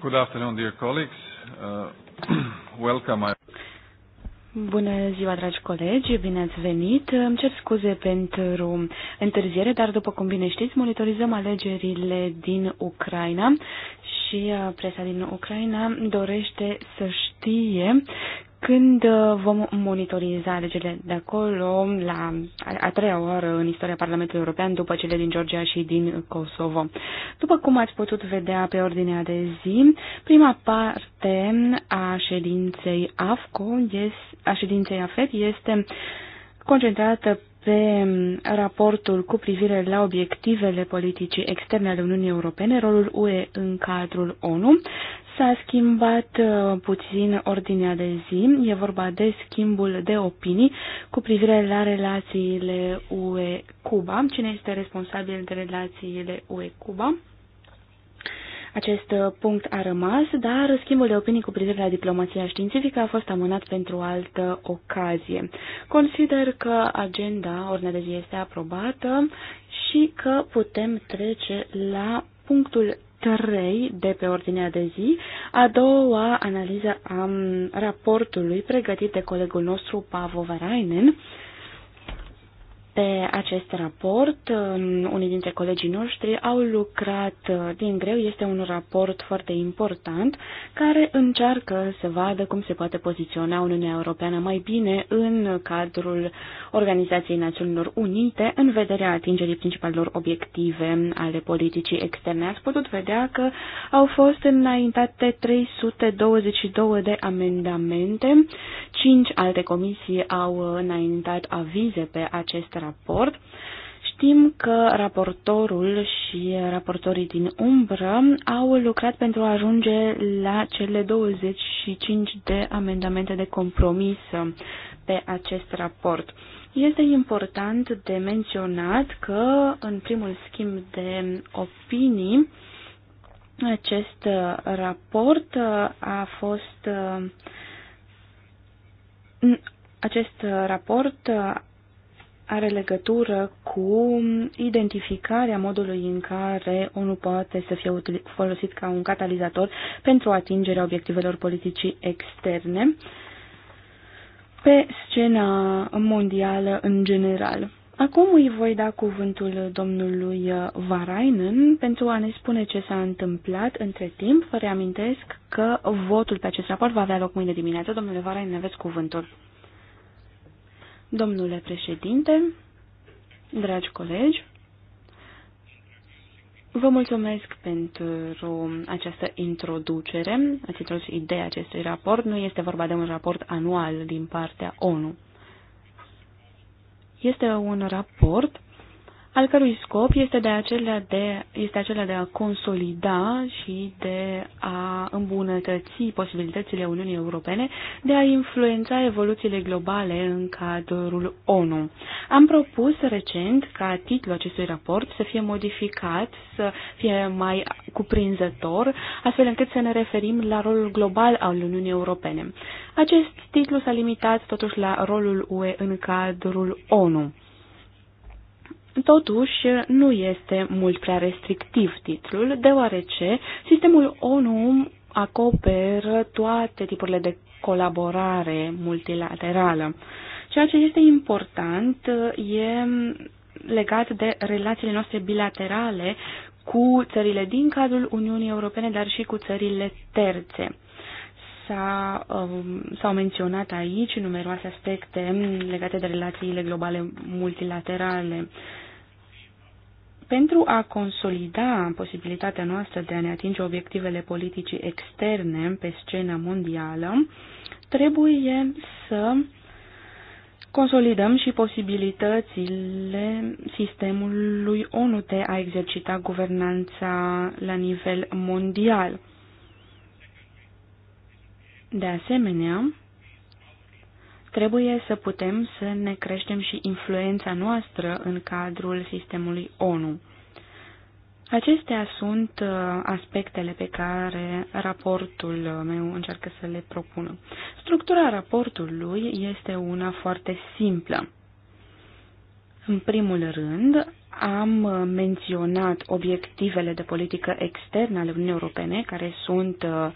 Good afternoon, dear colleagues. Uh, welcome. Bună ziua, dragi colegi, bine ați venit. Îmi cer scuze pentru întârziere, dar după cum bine știți, monitorizăm alegerile din Ucraina și uh, presa din Ucraina dorește să știe când uh, vom monitoriza alegerile de acolo la a treia oară în istoria Parlamentului European după cele din Georgia și din Kosovo? După cum ați putut vedea pe ordinea de zi, prima parte a ședinței AFCO, a ședinței AFET este concentrată pe raportul cu privire la obiectivele politicii externe ale Uniunii Europene, rolul UE în cadrul ONU. S-a schimbat uh, puțin ordinea de zi. E vorba de schimbul de opinii cu privire la relațiile UE-Cuba. Cine este responsabil de relațiile UE-Cuba? Acest uh, punct a rămas, dar schimbul de opinii cu privire la diplomația științifică a fost amânat pentru altă ocazie. Consider că agenda, ordinea de zi este aprobată și că putem trece la punctul trei de pe ordinea de zi, a doua analiză a raportului pregătit de colegul nostru Pavo Varainen, pe acest raport. Unii dintre colegii noștri au lucrat uh, din greu. Este un raport foarte important care încearcă să vadă cum se poate poziționa Uniunea Europeană mai bine în cadrul Organizației Națiunilor Unite în vederea atingerii principalelor obiective ale politicii externe. Ați putut vedea că au fost înaintate 322 de amendamente. Cinci alte comisii au înaintat avize pe acest raport raport. Știm că raportorul și raportorii din umbră au lucrat pentru a ajunge la cele 25 de amendamente de compromis pe acest raport. Este important de menționat că în primul schimb de opinii acest raport a fost acest raport are legătură cu identificarea modului în care ONU poate să fie folosit ca un catalizator pentru atingerea obiectivelor politicii externe pe scena mondială în general. Acum îi voi da cuvântul domnului Varainen pentru a ne spune ce s-a întâmplat între timp. Vă reamintesc că votul pe acest raport va avea loc mâine dimineață. Domnule Varainen, aveți cuvântul. Domnule președinte, dragi colegi, vă mulțumesc pentru această introducere, ați introdus ideea acestui raport. Nu este vorba de un raport anual din partea ONU. Este un raport al cărui scop este, de acelea de, este acela de a consolida și de a îmbunătăți posibilitățile Uniunii Europene de a influența evoluțiile globale în cadrul ONU. Am propus recent ca titlul acestui raport să fie modificat, să fie mai cuprinzător, astfel încât să ne referim la rolul global al Uniunii Europene. Acest titlu s-a limitat totuși la rolul UE în cadrul ONU. Totuși, nu este mult prea restrictiv titlul, deoarece sistemul ONU acoperă toate tipurile de colaborare multilaterală. Ceea ce este important e legat de relațiile noastre bilaterale cu țările din cadrul Uniunii Europene, dar și cu țările terțe. s um, s-au menționat aici numeroase aspecte legate de relațiile globale multilaterale. Pentru a consolida posibilitatea noastră de a ne atinge obiectivele politicii externe pe scenă mondială, trebuie să consolidăm și posibilitățile sistemului ONU de a exercita guvernanța la nivel mondial. De asemenea, Trebuie să putem să ne creștem și influența noastră în cadrul sistemului ONU. Acestea sunt uh, aspectele pe care raportul meu încearcă să le propună. Structura raportului este una foarte simplă. În primul rând, am menționat obiectivele de politică externă ale Uniunii Europene, care sunt uh,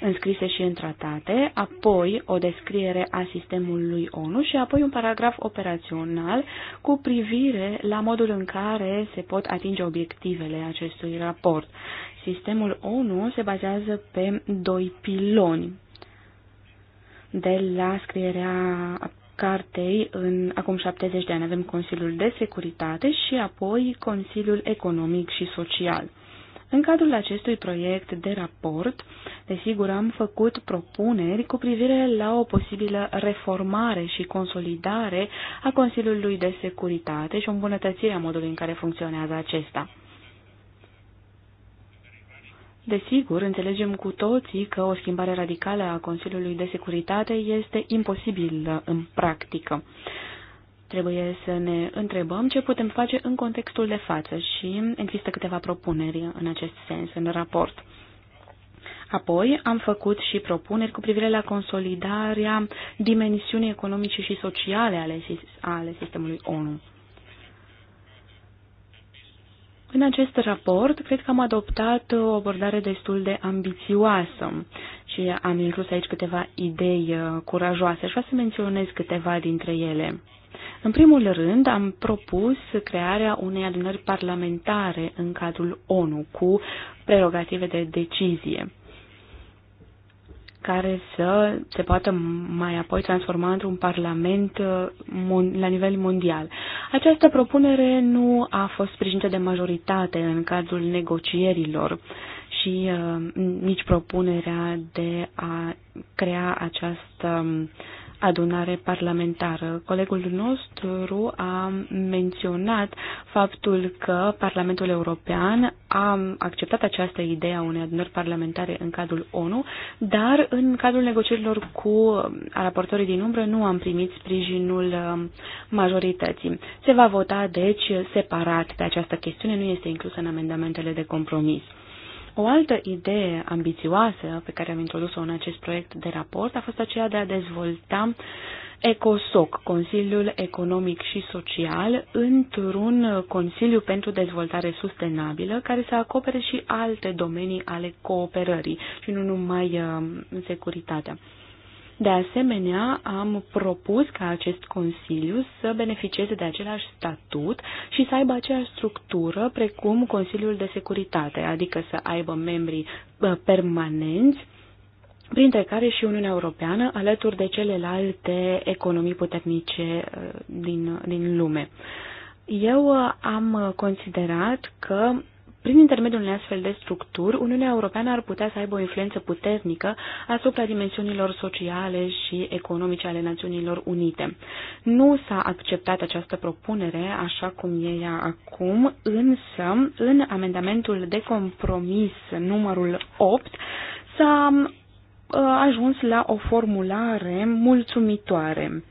înscrise și în tratate, apoi o descriere a sistemului ONU și apoi un paragraf operațional cu privire la modul în care se pot atinge obiectivele acestui raport. Sistemul ONU se bazează pe doi piloni. De la scrierea cartei în acum 70 de ani avem Consiliul de Securitate și apoi Consiliul Economic și Social. În cadrul acestui proiect de raport, desigur, am făcut propuneri cu privire la o posibilă reformare și consolidare a Consiliului de Securitate și o îmbunătățire a modului în care funcționează acesta. Desigur, înțelegem cu toții că o schimbare radicală a Consiliului de Securitate este imposibilă în practică. Trebuie să ne întrebăm ce putem face în contextul de față și există câteva propuneri în acest sens în raport. Apoi am făcut și propuneri cu privire la consolidarea dimensiunii economice și sociale ale, ale sistemului ONU. În acest raport, cred că am adoptat o abordare destul de ambițioasă și am inclus aici câteva idei uh, curajoase. și vreau să menționez câteva dintre ele. În primul rând, am propus crearea unei adunări parlamentare în cadrul ONU cu prerogative de decizie care să se poată mai apoi transforma într-un parlament uh, la nivel mondial. Această propunere nu a fost sprijinită de majoritate în cadrul negocierilor uh, și uh, nici propunerea de a crea această um, adunare parlamentară. Colegul nostru a menționat faptul că Parlamentul European a acceptat această idee a unei adunări parlamentare în cadrul ONU, dar în cadrul negocierilor cu um, raportorii din umbră nu am primit sprijinul um, majorității. Se va vota, deci, separat pe această chestiune, nu este inclusă în amendamentele de compromis. O altă idee ambițioasă pe care am introdus-o în acest proiect de raport a fost aceea de a dezvolta ECOSOC, Consiliul Economic și Social, într-un Consiliu pentru Dezvoltare Sustenabilă, care să acopere și alte domenii ale cooperării și nu numai uh, securitatea. De asemenea, am propus ca acest Consiliu să beneficieze de același statut și să aibă aceeași structură precum Consiliul de Securitate, adică să aibă membrii permanenți printre care și Uniunea Europeană, alături de celelalte economii puternice ă, din, din lume. Eu ă, am considerat că prin intermediul unei astfel de structuri, Uniunea Europeană ar putea să aibă o influență puternică asupra dimensiunilor sociale și economice ale Națiunilor Unite. Nu s-a acceptat această propunere așa cum e ea acum, însă în amendamentul de compromis numărul 8 s-a uh, ajuns la o formulare mulțumitoare.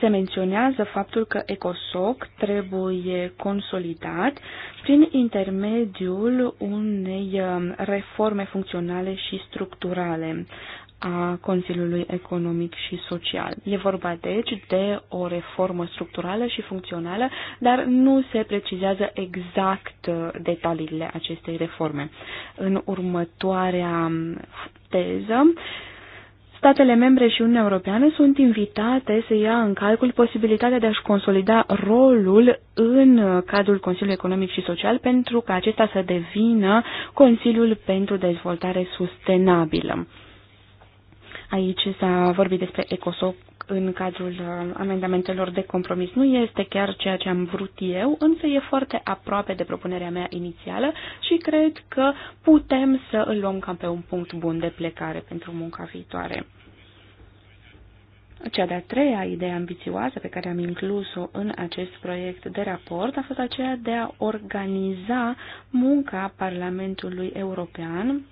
se menționează faptul că ECOSOC trebuie consolidat prin intermediul unei um, reforme funcționale și structurale a Consiliului Economic și Social. E vorba deci de o reformă structurală și funcțională, dar nu se precizează exact uh, detaliile acestei reforme. În următoarea um, teză, Statele membre și Uniunea Europeană sunt invitate să ia în calcul posibilitatea de a-și consolida rolul în cadrul Consiliului Economic și Social pentru ca acesta să devină Consiliul pentru Dezvoltare Sustenabilă. Aici s-a vorbit despre ECOSOC în cadrul uh, amendamentelor de compromis. Nu este chiar ceea ce am vrut eu, însă e foarte aproape de propunerea mea inițială și cred că putem să îl luăm cam pe un punct bun de plecare pentru munca viitoare. Cea de-a treia idee ambițioasă pe care am inclus-o în acest proiect de raport a fost aceea de a organiza munca Parlamentului European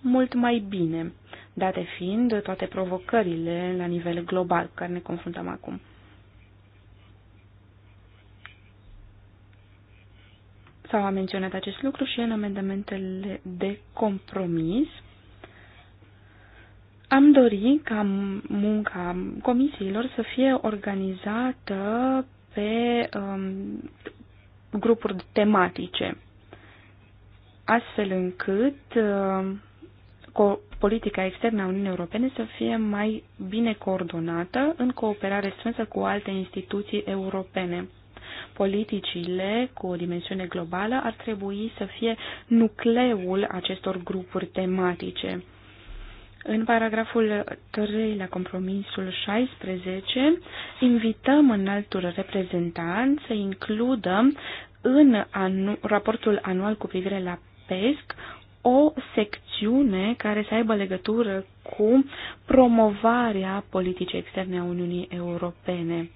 mult mai bine date fiind toate provocările la nivel global cu care ne confruntăm acum. S-au menționat acest lucru și în amendamentele de compromis. Am dorit ca munca comisiilor să fie organizată pe um, grupuri tematice, astfel încât uh, co politica externă a Uniunii Europene să fie mai bine coordonată în cooperare strânsă cu alte instituții europene. Politicile cu o dimensiune globală ar trebui să fie nucleul acestor grupuri tematice. În paragraful 3 la compromisul 16, invităm înaltul reprezentant să includă în anu- raportul anual cu privire la PESC o secțiune care să aibă legătură cu promovarea politicii externe a Uniunii Europene.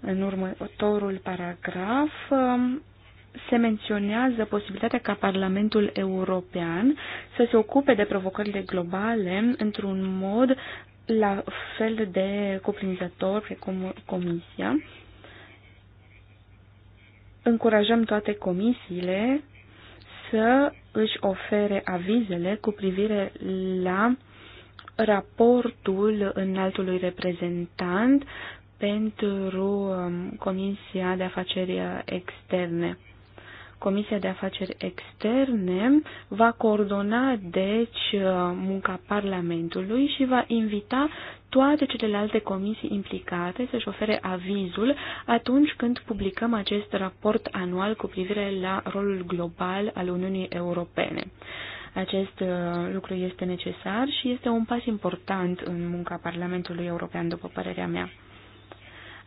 În următorul paragraf um, se menționează posibilitatea ca Parlamentul European să se ocupe de provocările globale într-un mod la fel de cuprinzător precum Comisia. Încurajăm toate comisiile să își ofere avizele cu privire la raportul înaltului reprezentant pentru um, Comisia de Afaceri Externe. Comisia de Afaceri Externe va coordona, deci, uh, munca Parlamentului și va invita toate celelalte comisii implicate să-și ofere avizul atunci când publicăm acest raport anual cu privire la rolul global al Uniunii Europene. Acest uh, lucru este necesar și este un pas important în munca Parlamentului European, după părerea mea.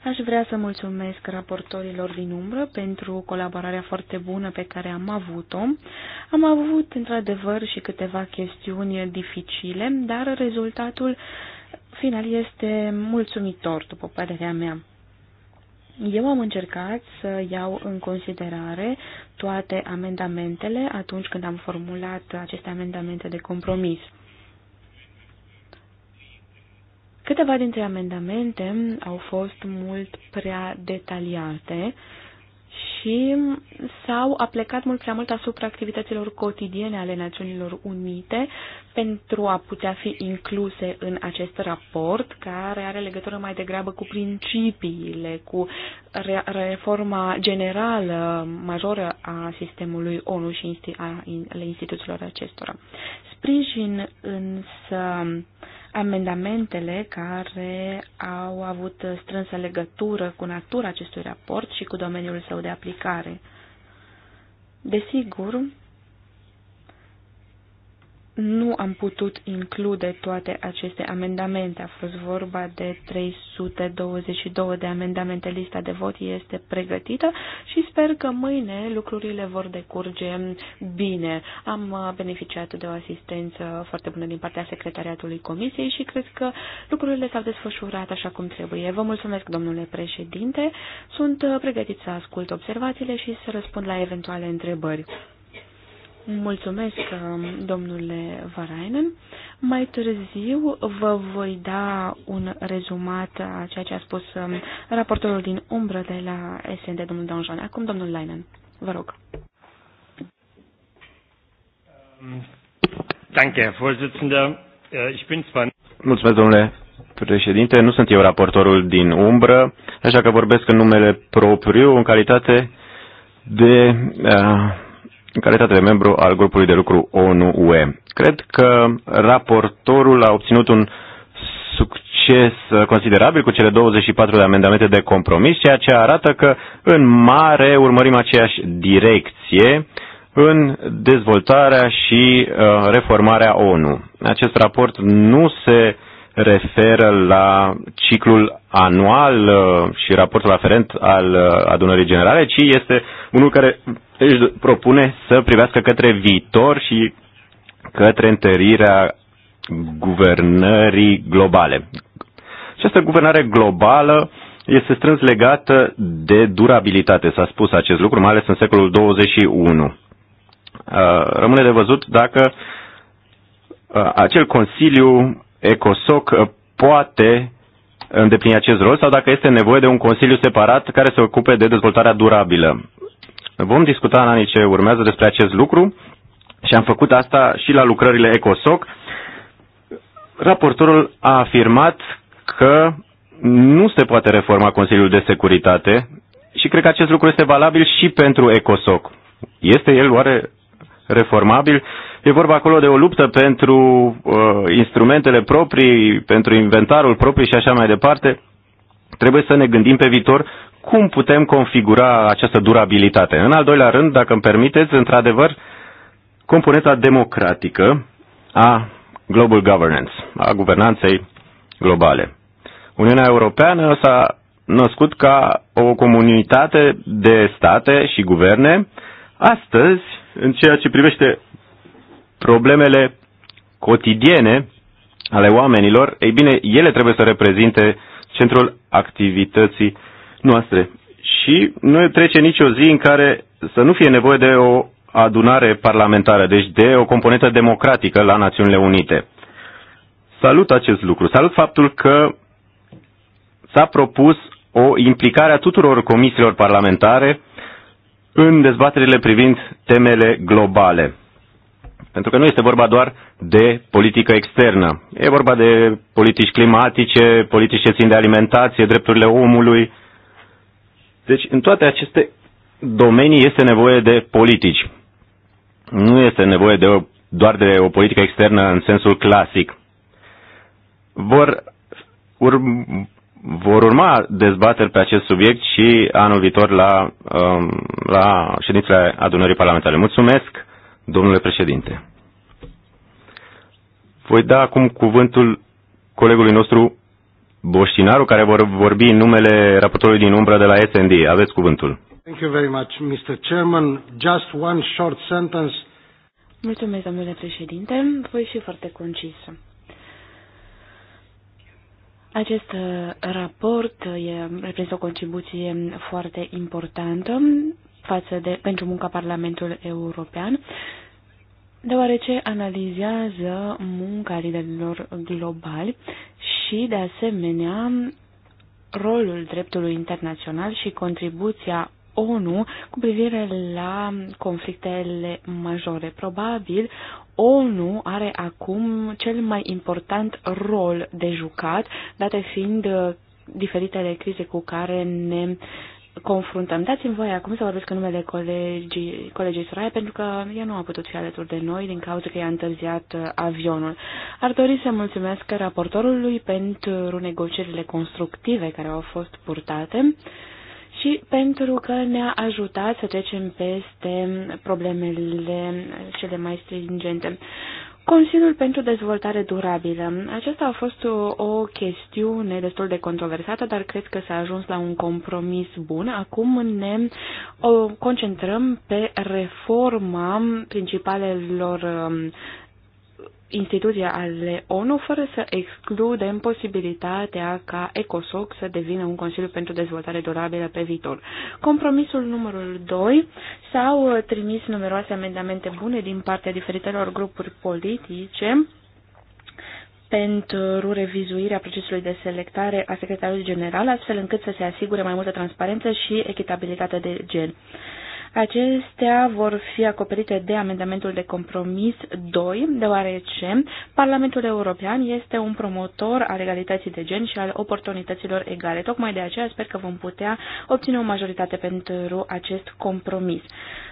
Aș vrea să mulțumesc raportorilor din umbră pentru colaborarea foarte bună pe care am avut-o. Am avut, într-adevăr, și câteva chestiuni dificile, dar rezultatul final este mulțumitor, după părerea mea. Eu am încercat să iau în considerare toate amendamentele atunci când am formulat aceste amendamente de compromis. Câteva dintre amendamente au fost mult prea detaliate și s-au aplicat mult prea mult asupra activităților cotidiene ale Națiunilor Unite pentru a putea fi incluse în acest raport, care are legătură mai degrabă cu principiile, cu reforma generală majoră a sistemului ONU și ale instituțiilor acestora. Sprijin însă amendamentele care au avut strânsă legătură cu natura acestui raport și cu domeniul său de aplicare. Desigur, nu am putut include toate aceste amendamente. A fost vorba de 322 de amendamente. Lista de vot este pregătită și sper că mâine lucrurile vor decurge bine. Am beneficiat de o asistență foarte bună din partea secretariatului comisiei și cred că lucrurile s-au desfășurat așa cum trebuie. Vă mulțumesc, domnule președinte. Sunt pregătit să ascult observațiile și să răspund la eventuale întrebări. Mulțumesc, um, domnule Varainen. Mai târziu vă voi da un rezumat a ceea ce a spus um, raportorul din umbră de la SND, domnul Donjon. Acum, domnul Leinen, vă rog. Danke, äh, Ich bin zwar... Mulțumesc, domnule președinte. Nu sunt eu raportorul din umbră, așa că vorbesc în numele propriu, în calitate de... Uh, în calitate de membru al grupului de lucru ONU-UE. Cred că raportorul a obținut un succes uh, considerabil cu cele 24 de amendamente de compromis, ceea ce arată că în mare urmărim aceeași direcție în dezvoltarea și uh, reformarea ONU. Acest raport nu se referă la ciclul anual uh, și raportul aferent al uh, adunării generale, ci este unul care își propune să privească către viitor și către întărirea guvernării globale. Această guvernare globală este strâns legată de durabilitate. S-a spus acest lucru, mai ales în secolul 21. Uh, rămâne de văzut dacă acel Consiliu ECOSOC poate îndeplini acest rol sau dacă este nevoie de un consiliu separat care se ocupe de dezvoltarea durabilă. Vom discuta în anii ce urmează despre acest lucru și am făcut asta și la lucrările ECOSOC. Raportorul a afirmat că nu se poate reforma Consiliul de Securitate și cred că acest lucru este valabil și pentru ECOSOC. Este el oare reformabil? E vorba acolo de o luptă pentru uh, instrumentele proprii, pentru inventarul propriu și așa mai departe. Trebuie să ne gândim pe viitor cum putem configura această durabilitate. În al doilea rând, dacă îmi permiteți, într-adevăr, componenta democratică a global governance, a guvernanței globale. Uniunea Europeană s-a născut ca o comunitate de state și guverne. Astăzi, în ceea ce privește problemele cotidiene ale oamenilor, ei bine, ele trebuie să reprezinte centrul activității noastre. Și nu trece nicio zi în care să nu fie nevoie de o adunare parlamentară, deci de o componentă democratică la Națiunile Unite. Salut acest lucru, salut faptul că s-a propus o implicare a tuturor comisiilor parlamentare în dezbaterile privind temele globale. Pentru că nu este vorba doar de politică externă. E vorba de politici climatice, politici ce țin de alimentație, drepturile omului. Deci, în toate aceste domenii este nevoie de politici. Nu este nevoie de o, doar de o politică externă în sensul clasic. Vor, ur, vor urma dezbateri pe acest subiect și anul viitor la, um, la ședințele adunării parlamentare. Mulțumesc, domnule președinte. Voi da acum cuvântul colegului nostru Boștinaru, care vor vorbi în numele raportorului din umbră de la SND. Aveți cuvântul. Thank you very much, Mr. Chairman. Just one short sentence. Mulțumesc, domnule președinte. Voi fi foarte concis. Acest raport reprezintă o contribuție foarte importantă față de, pentru munca Parlamentului European deoarece analizează munca liderilor globali și, de asemenea, rolul dreptului internațional și contribuția ONU cu privire la conflictele majore. Probabil, ONU are acum cel mai important rol de jucat, date fiind uh, diferitele crize cu care ne confruntăm. Dați-mi voie acum să vorbesc în numele colegii, colegii Soraya, pentru că ea nu a putut fi alături de noi din cauza că i-a întârziat uh, avionul. Ar dori să mulțumesc raportorului pentru negocierile constructive care au fost purtate și pentru că ne-a ajutat să trecem peste problemele cele mai stringente. Consiliul pentru dezvoltare durabilă. Aceasta a fost o, o chestiune destul de controversată, dar cred că s-a ajuns la un compromis bun. Acum ne concentrăm pe reforma principalelor um, Instituția ale ONU fără să excludem posibilitatea ca ECOSOC să devină un Consiliu pentru Dezvoltare Durabilă pe viitor. Compromisul numărul 2 s-au trimis numeroase amendamente bune din partea diferitelor grupuri politice pentru revizuirea procesului de selectare a secretarului general, astfel încât să se asigure mai multă transparență și echitabilitate de gen. Acestea vor fi acoperite de amendamentul de compromis 2, deoarece Parlamentul European este un promotor al egalității de gen și al oportunităților egale. Tocmai de aceea sper că vom putea obține o majoritate pentru acest compromis.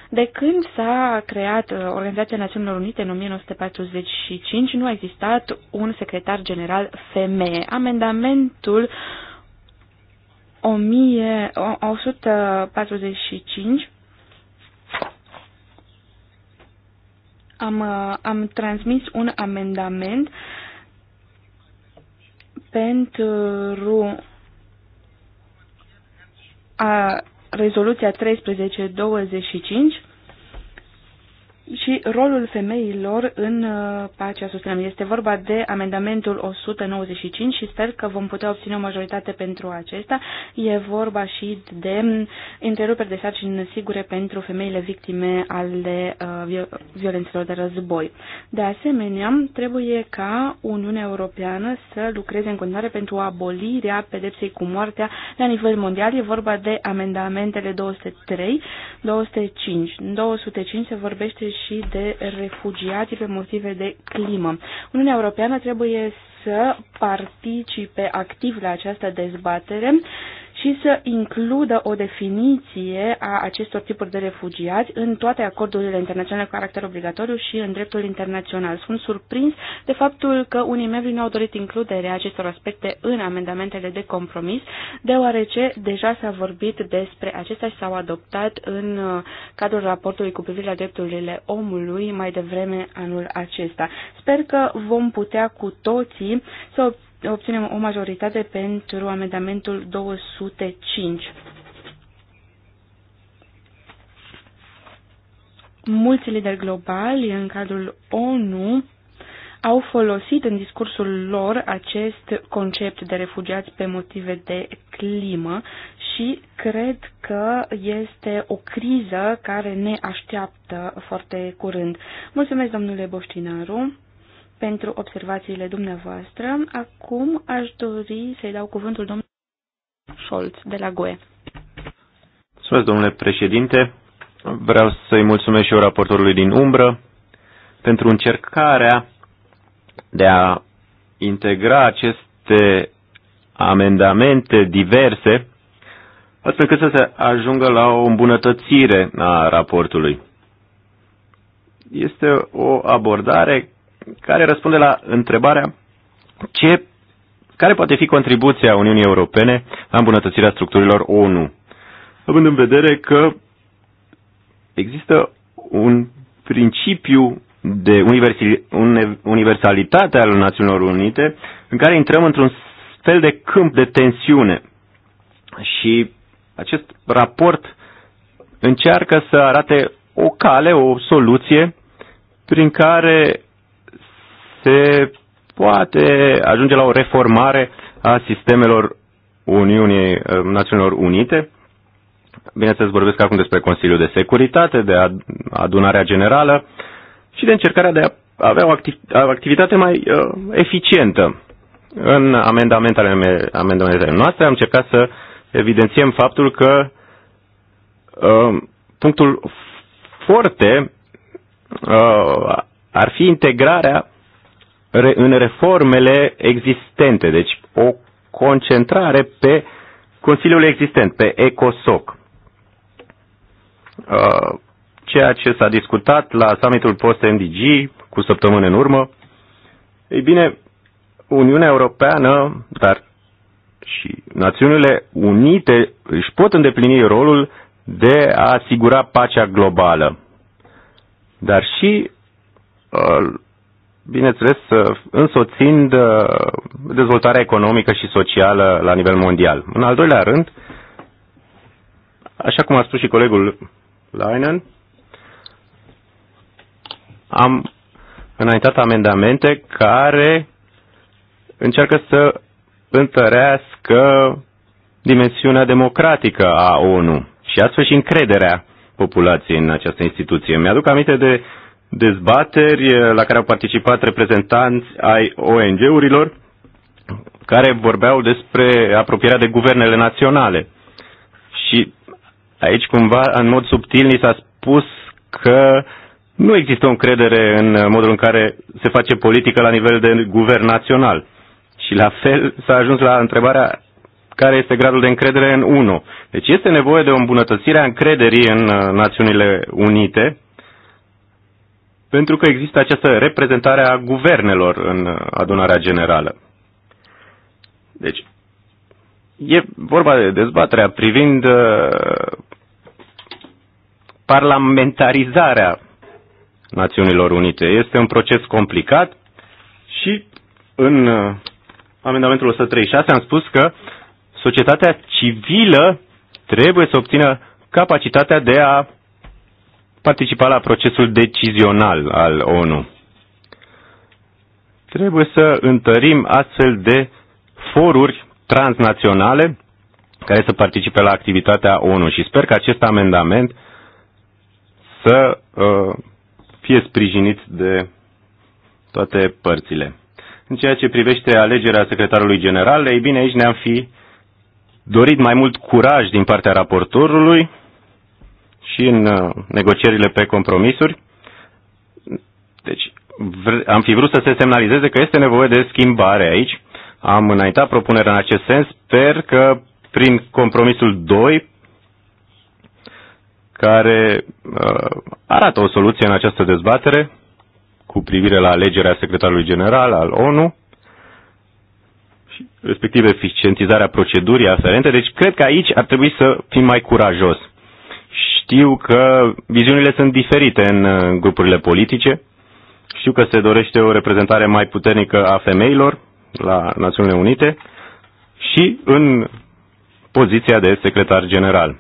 De când s-a creat uh, Organizația Națiunilor Unite în 1945, nu a existat un secretar general femeie. Amendamentul 1145 am, uh, am transmis un amendament pentru a rezoluția 1325 și rolul femeilor în uh, pacea sustenabilă. Este vorba de amendamentul 195 și sper că vom putea obține o majoritate pentru acesta. E vorba și de mm, întreruperi de sarcini sigure pentru femeile victime ale uh, violențelor de război. De asemenea, trebuie ca Uniunea Europeană să lucreze în continuare pentru abolirea pedepsei cu moartea la nivel mondial. E vorba de amendamentele 203, 205. În 205 se vorbește și de refugiații pe motive de climă. Uniunea Europeană trebuie să participe activ la această dezbatere și să includă o definiție a acestor tipuri de refugiați în toate acordurile internaționale cu caracter obligatoriu și în dreptul internațional. Sunt surprins de faptul că unii membri nu au dorit includerea acestor aspecte în amendamentele de compromis, deoarece deja s-a vorbit despre acestea și s-au adoptat în uh, cadrul raportului cu privire la drepturile omului mai devreme anul acesta. Sper că vom putea cu toții să obținem obținem o majoritate pentru amendamentul 205. Mulți lideri globali în cadrul ONU au folosit în discursul lor acest concept de refugiați pe motive de climă și cred că este o criză care ne așteaptă foarte curând. Mulțumesc, domnule Boștinaru pentru observațiile dumneavoastră. Acum aș dori să-i dau cuvântul domnului Scholz de la GUE. Mulțumesc, domnule președinte. Vreau să-i mulțumesc și eu raportorului din umbră pentru încercarea de a integra aceste amendamente diverse, astfel cât să se ajungă la o îmbunătățire a raportului. Este o abordare care răspunde la întrebarea ce, care poate fi contribuția Uniunii Europene la îmbunătățirea structurilor ONU, având în vedere că există un principiu de universalitate al Națiunilor Unite în care intrăm într-un fel de câmp de tensiune. Și acest raport încearcă să arate o cale, o soluție prin care se poate ajunge la o reformare a sistemelor Uniunii uh, Națiunilor Unite. Bineînțeles, vorbesc acum despre Consiliul de Securitate, de adunarea generală și de încercarea de a avea o activitate mai uh, eficientă. În amendamentele, mele, amendamentele noastre am încercat să evidențiem faptul că uh, punctul foarte uh, ar fi integrarea în reformele existente, deci o concentrare pe Consiliul existent, pe ECOSOC. Uh, ceea ce s-a discutat la summitul post-NDG cu săptămâni în urmă, ei bine, Uniunea Europeană, dar și Națiunile Unite își pot îndeplini rolul de a asigura pacea globală. Dar și uh, bineînțeles, însoțind uh, dezvoltarea economică și socială la nivel mondial. În al doilea rând, așa cum a spus și colegul Leinen, am înaintat amendamente care încearcă să întărească dimensiunea democratică a ONU și astfel și încrederea populației în această instituție. Mi-aduc aminte de uh, dezbateri eh, la care au participat reprezentanți ai ONG-urilor care vorbeau despre apropierea de guvernele naționale. Și aici cumva, în mod subtil, ni s-a spus că nu există o încredere în modul în care se face politică la nivel de guvern național. Și la fel s-a ajuns la întrebarea care este gradul de încredere în UNO. Deci este nevoie de o îmbunătățire a încrederii în eh, Națiunile Unite pentru că există această reprezentare a guvernelor în adunarea generală. Deci, e vorba de dezbaterea privind uh, parlamentarizarea Națiunilor Unite. Este un proces complicat și în uh, amendamentul 136 am spus că societatea civilă trebuie să obțină capacitatea de a participa la procesul decizional al ONU. Trebuie să întărim astfel de foruri transnaționale care să participe la activitatea ONU și sper că acest amendament să uh, fie sprijinit de toate părțile. În ceea ce privește alegerea secretarului general, ei bine, aici ne-am fi dorit mai mult curaj din partea raportorului, și în uh, negocierile pe compromisuri. Deci am fi vrut să se semnalizeze că este nevoie de schimbare aici. Am înaintat propunerea în acest sens. Sper că prin compromisul 2, care uh, arată o soluție în această dezbatere cu privire la alegerea secretarului general al ONU, respectiv eficientizarea procedurii aferente. Deci cred că aici ar trebui să fim mai curajos. Știu că viziunile sunt diferite în uh, grupurile politice. Știu că se dorește o reprezentare mai puternică a femeilor la Națiunile Unite și în poziția de secretar general.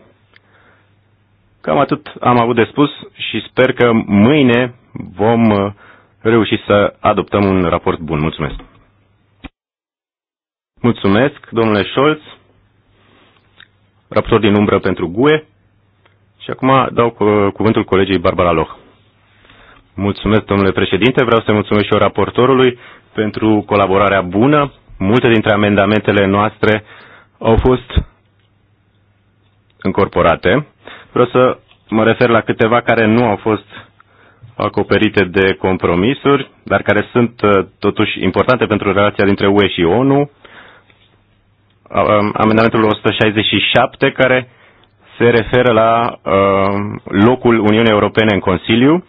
Cam atât am avut de spus și sper că mâine vom uh, reuși să adoptăm un raport bun. Mulțumesc! Mulțumesc, domnule Scholz, raptor din umbră pentru GUE. Și acum dau uh, cuvântul colegii Barbara Loch. Mulțumesc, domnule președinte. Vreau să mulțumesc și eu raportorului pentru colaborarea bună. Multe dintre amendamentele noastre au fost încorporate. Vreau să mă refer la câteva care nu au fost acoperite de compromisuri, dar care sunt uh, totuși importante pentru relația dintre UE și ONU. Amendamentul 167 care se referă la uh, locul Uniunii Europene în Consiliu,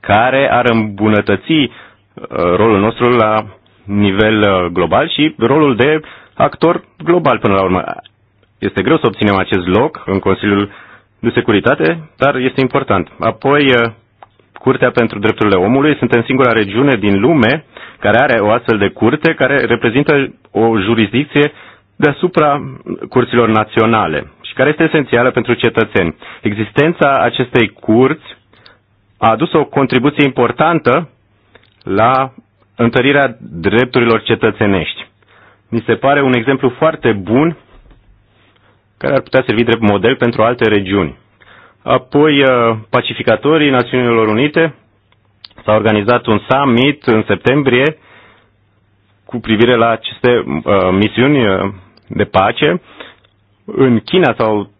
care ar îmbunătăți uh, rolul nostru la nivel uh, global și rolul de actor global până la urmă. Este greu să obținem acest loc în Consiliul de Securitate, dar este important. Apoi, uh, Curtea pentru Drepturile Omului, suntem singura regiune din lume care are o astfel de curte care reprezintă o jurisdicție deasupra curților naționale și care este esențială pentru cetățeni. Existența acestei curți a adus o contribuție importantă la întărirea drepturilor cetățenești. Mi se pare un exemplu foarte bun care ar putea servi drept model pentru alte regiuni. Apoi, uh, pacificatorii Națiunilor Unite s au organizat un summit în septembrie cu privire la aceste uh, misiuni uh, de pace în China s-au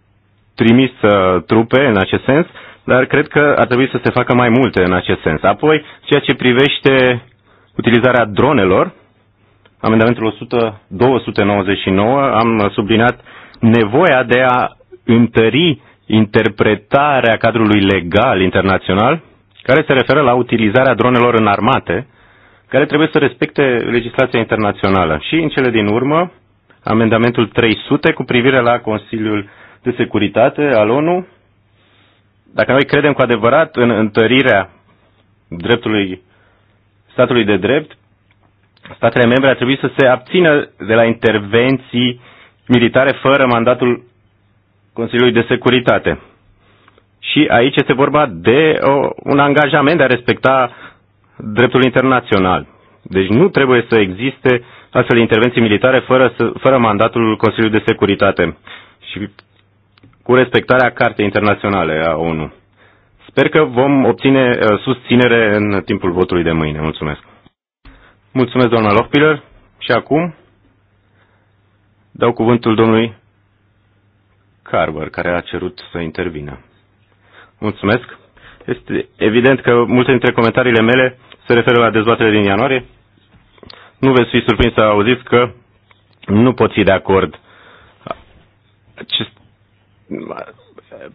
trimis uh, trupe în acest sens, dar cred că ar trebui să se facă mai multe în acest sens. Apoi, ceea ce privește utilizarea dronelor, amendamentul 1299, 299, am uh, subliniat nevoia de a întări interpretarea cadrului legal internațional care se referă la utilizarea dronelor în armate, care trebuie să respecte legislația internațională. Și în cele din urmă, amendamentul 300 cu privire la Consiliul de Securitate al ONU. Dacă noi credem cu adevărat în întărirea dreptului statului de drept, statele membre ar trebui să se abțină de la intervenții militare fără mandatul Consiliului de Securitate. Și aici este vorba de o, un angajament de a respecta dreptul internațional. Deci nu trebuie să existe astfel intervenții militare fără, fără mandatul Consiliului de Securitate și cu respectarea Cartei Internaționale a ONU. Sper că vom obține uh, susținere în timpul votului de mâine. Mulțumesc. Mulțumesc, doamna Lofpiller. Și acum dau cuvântul domnului Carver, care a cerut să intervină. Mulțumesc. Este evident că multe dintre comentariile mele se referă la dezbaterea din ianuarie, nu veți fi surprins să auziți că nu pot fi de acord. Acest,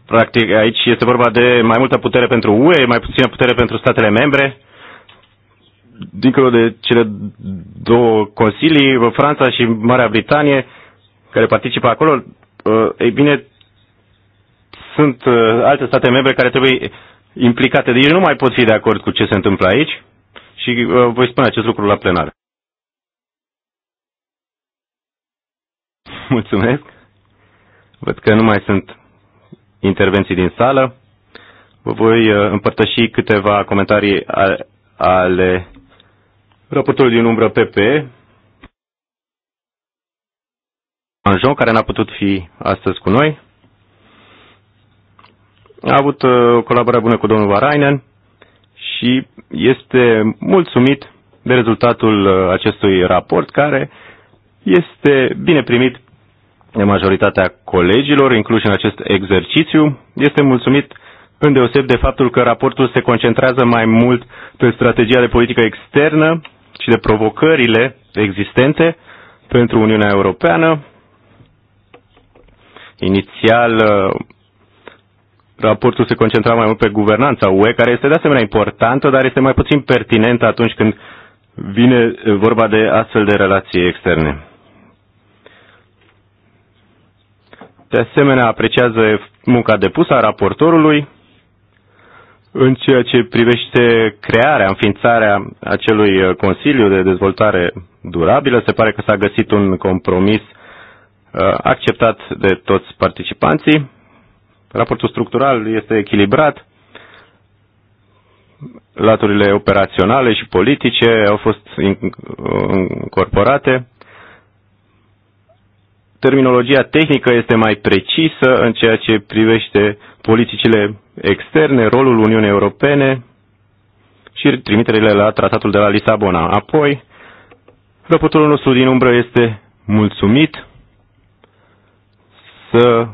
practic, aici este vorba de mai multă putere pentru UE, mai puțină putere pentru statele membre. Dincolo de cele două consilii, Franța și Marea Britanie, care participă acolo, uh, ei bine, sunt uh, alte state membre care trebuie implicate. Deci nu mai pot fi de acord cu ce se întâmplă aici și uh, voi spune acest lucru la plenară. Mulțumesc. Văd că nu mai sunt intervenții din sală. Vă voi uh, împărtăși câteva comentarii ale raportului din umbră PP, Anjon, care n-a putut fi astăzi cu noi. A avut uh, o colaborare bună cu domnul Varainen și este mulțumit de rezultatul uh, acestui raport, care este bine primit majoritatea colegilor incluși în acest exercițiu, este mulțumit în deoseb de faptul că raportul se concentrează mai mult pe strategia de politică externă și de provocările existente pentru Uniunea Europeană. Inițial, uh, raportul se concentra mai mult pe guvernanța UE, care este de asemenea importantă, dar este mai puțin pertinentă atunci când vine uh, vorba de astfel de relații externe. De asemenea, apreciază munca depusă a raportorului în ceea ce privește crearea, înființarea acelui uh, Consiliu de Dezvoltare Durabilă. Se pare că s-a găsit un compromis uh, acceptat de toți participanții. Raportul structural este echilibrat. Laturile operaționale și politice au fost uh, incorporate terminologia tehnică este mai precisă în ceea ce privește politicile externe, rolul Uniunii Europene și trimiterile la tratatul de la Lisabona. Apoi, răputul nostru din umbră este mulțumit să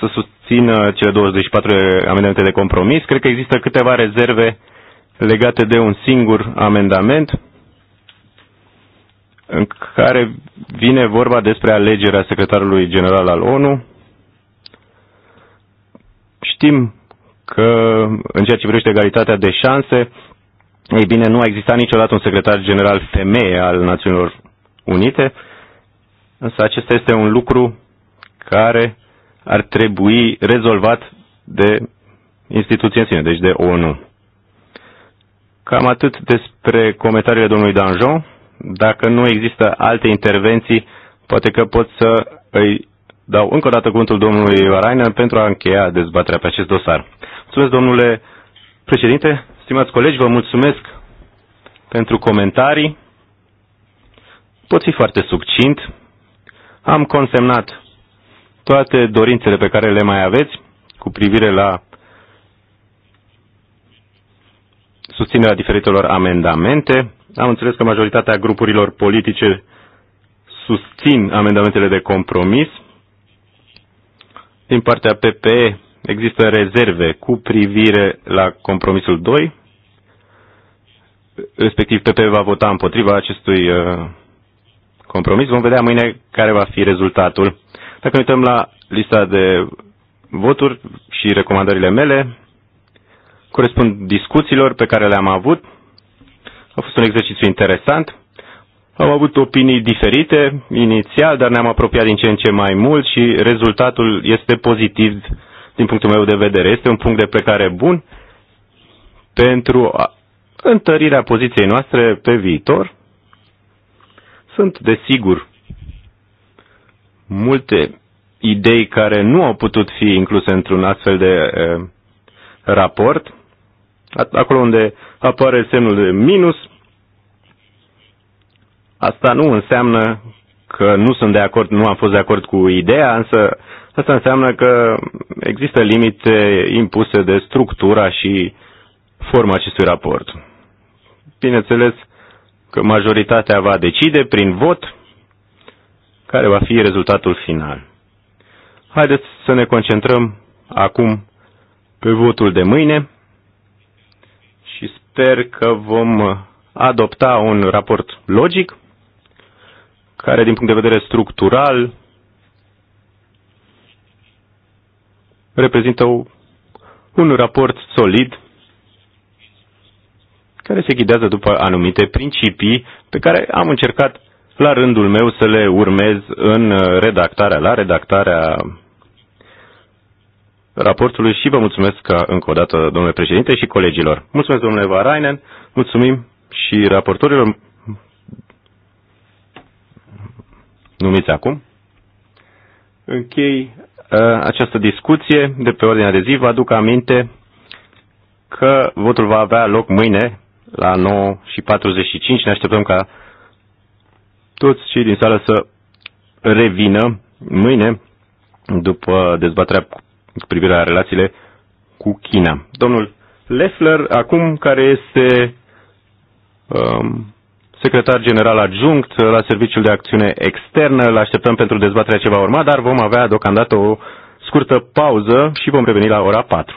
să susțină cele 24 amendamente de compromis. Cred că există câteva rezerve legate de un singur amendament în care vine vorba despre alegerea secretarului general al ONU. Știm că în ceea ce privește egalitatea de șanse, ei bine, nu a existat niciodată un secretar general femeie al Națiunilor Unite, însă acesta este un lucru care ar trebui rezolvat de instituție în sine, deci de ONU. Cam atât despre comentariile domnului Danjon dacă nu există alte intervenții, poate că pot să îi dau încă o dată cuvântul domnului Varainen pentru a încheia dezbaterea pe acest dosar. Mulțumesc, domnule președinte, stimați colegi, vă mulțumesc pentru comentarii. Pot fi foarte succint. Am consemnat toate dorințele pe care le mai aveți cu privire la susținerea diferitelor amendamente am înțeles că majoritatea grupurilor politice susțin amendamentele de compromis. Din partea PPE există rezerve cu privire la compromisul 2. Respectiv, PPE va vota împotriva acestui uh, compromis. Vom vedea mâine care va fi rezultatul. Dacă ne uităm la lista de voturi și recomandările mele, corespund discuțiilor pe care le-am avut a fost un exercițiu interesant. Am avut opinii diferite inițial, dar ne-am apropiat din ce în ce mai mult și rezultatul este pozitiv din punctul meu de vedere. Este un punct de plecare bun pentru întărirea poziției noastre pe viitor. Sunt, desigur, multe idei care nu au putut fi incluse într-un astfel de e, eh, raport. Acolo unde apare semnul de minus, Asta nu înseamnă că nu sunt de acord, nu am fost de acord cu ideea, însă asta înseamnă că există limite impuse de structura și forma acestui raport. Bineînțeles că majoritatea va decide prin vot care va fi rezultatul final. Haideți să ne concentrăm acum pe votul de mâine și sper că vom adopta un raport logic care din punct de vedere structural reprezintă un raport solid care se ghidează după anumite principii pe care am încercat la rândul meu să le urmez în redactarea, la redactarea raportului și vă mulțumesc că, încă o dată, domnule președinte și colegilor. Mulțumesc, domnule Varainen, mulțumim și raportorilor, numiți acum. Închei uh, această discuție de pe ordinea de zi. Vă aduc aminte că votul va avea loc mâine la 9 și 45. Ne așteptăm ca toți cei din sală să revină mâine după dezbaterea cu privire la relațiile cu China. Domnul Leffler, acum care este um, secretar general adjunct la Serviciul de Acțiune Externă. Îl așteptăm pentru dezbaterea ce va urma, dar vom avea deocamdată o scurtă pauză și vom reveni la ora 4.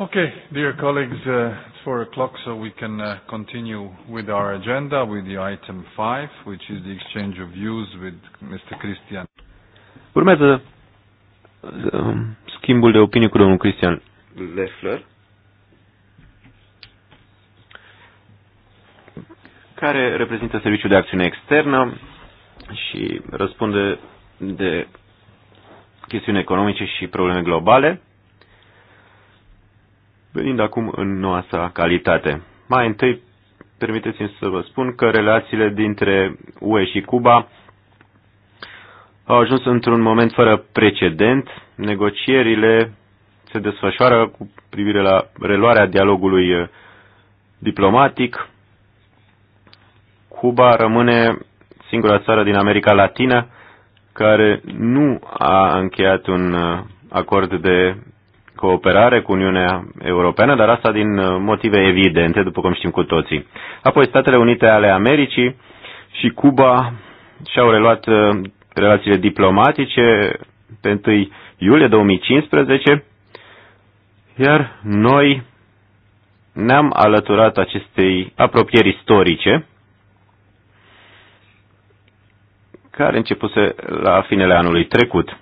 Okay, dear colleagues, uh, it's four o'clock, so we can uh, continue with our agenda with the item five, which is the exchange of views with Mr. Christian. Urmează um, schimbul de opinie cu domnul Cristian Leffler, care reprezintă Serviciul de Acțiune Externă și răspunde de chestiuni economice și probleme globale venind acum în noua sa calitate. Mai întâi, permiteți-mi să vă spun că relațiile dintre UE și Cuba au ajuns într-un moment fără precedent. Negocierile se desfășoară cu privire la reluarea dialogului eh, diplomatic. Cuba rămâne singura țară din America Latină care nu a încheiat un eh, acord de cooperare cu Uniunea Europeană, dar asta din uh, motive evidente, după cum știm cu toții. Apoi Statele Unite ale Americii și Cuba și-au reluat uh, relațiile diplomatice pe 1 iulie 2015, iar noi ne-am alăturat acestei apropieri istorice, care începuse la finele anului trecut.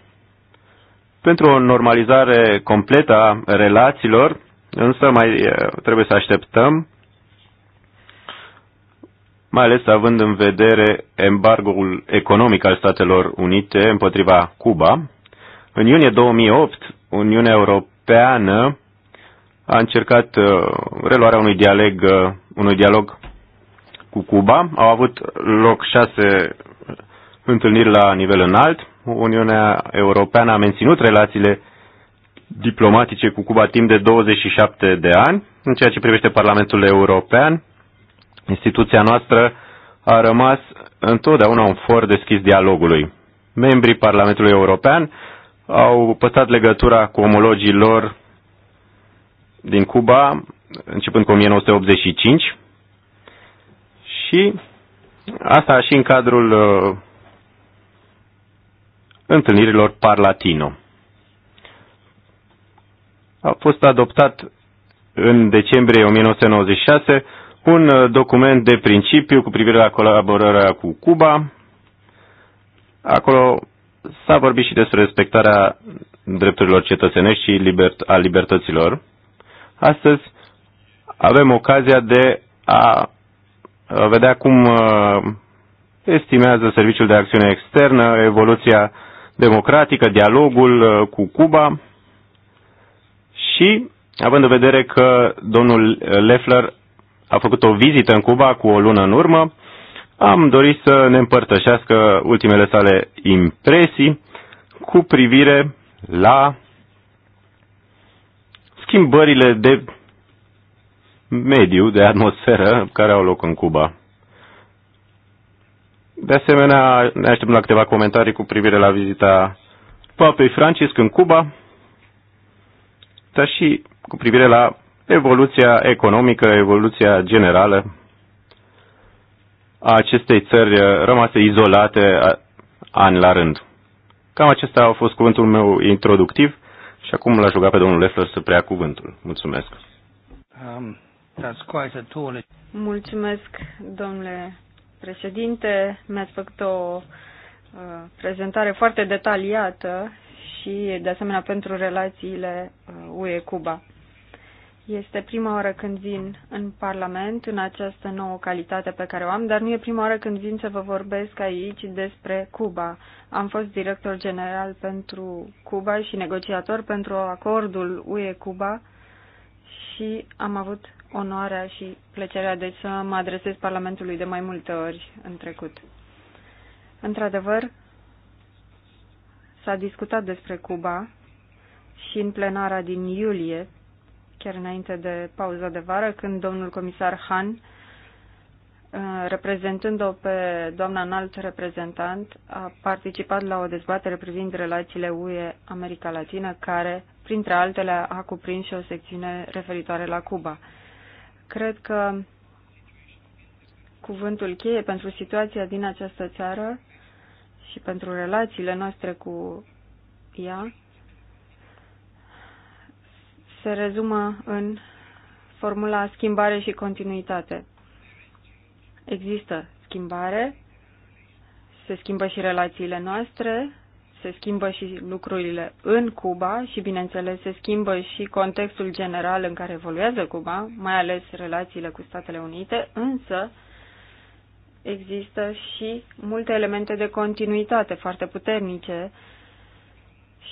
Pentru o normalizare completă a relațiilor, însă mai trebuie să așteptăm, mai ales având în vedere embargoul economic al Statelor Unite împotriva Cuba. În iunie 2008, Uniunea Europeană a încercat uh, reluarea unui dialog, uh, unui dialog cu Cuba. Au avut loc șase întâlniri la nivel înalt Uniunea Europeană a menținut relațiile diplomatice cu Cuba timp de 27 de ani. În ceea ce privește Parlamentul European, instituția noastră a rămas întotdeauna un for deschis dialogului. Membrii Parlamentului European au păstrat legătura cu omologii lor din Cuba începând cu 1985 și asta și în cadrul uh, întâlnirilor Parlatino. A fost adoptat în decembrie 1996 un uh, document de principiu cu privire la colaborarea cu Cuba. Acolo s-a vorbit și despre respectarea drepturilor cetățenești și libert- a libertăților. Astăzi avem ocazia de a vedea cum uh, estimează Serviciul de Acțiune Externă evoluția democratică, dialogul uh, cu Cuba și, având în vedere că domnul uh, Leffler a făcut o vizită în Cuba cu o lună în urmă, am dorit să ne împărtășească ultimele sale impresii cu privire la schimbările de mediu, de atmosferă care au loc în Cuba. De asemenea, ne așteptăm la câteva comentarii cu privire la vizita Papei Francisc în Cuba, dar și cu privire la evoluția economică, evoluția generală a acestei țări rămase izolate ani la rând. Cam acesta a fost cuvântul meu introductiv și acum l-aș ruga pe domnul Leffler să preia cuvântul. Mulțumesc. Um, Mulțumesc, domnule președinte, mi-ați făcut o uh, prezentare foarte detaliată și, de asemenea, pentru relațiile uh, UE-Cuba. Este prima oară când vin în Parlament, în această nouă calitate pe care o am, dar nu e prima oară când vin să vă vorbesc aici despre Cuba. Am fost director general pentru Cuba și negociator pentru acordul UE-Cuba și am avut onoarea și plăcerea de să mă adresez Parlamentului de mai multe ori în trecut. Într-adevăr, s-a discutat despre Cuba și în plenara din iulie, chiar înainte de pauza de vară, când domnul comisar Han, uh, reprezentând-o pe doamna înalt reprezentant, a participat la o dezbatere privind relațiile UE-America Latină, care, printre altele, a cuprins și o secțiune referitoare la Cuba. Cred că cuvântul cheie pentru situația din această țară și pentru relațiile noastre cu ea se rezumă în formula schimbare și continuitate. Există schimbare, se schimbă și relațiile noastre, se schimbă și lucrurile în Cuba și, bineînțeles, se schimbă și contextul general în care evoluează Cuba, mai ales relațiile cu Statele Unite, însă există și multe elemente de continuitate foarte puternice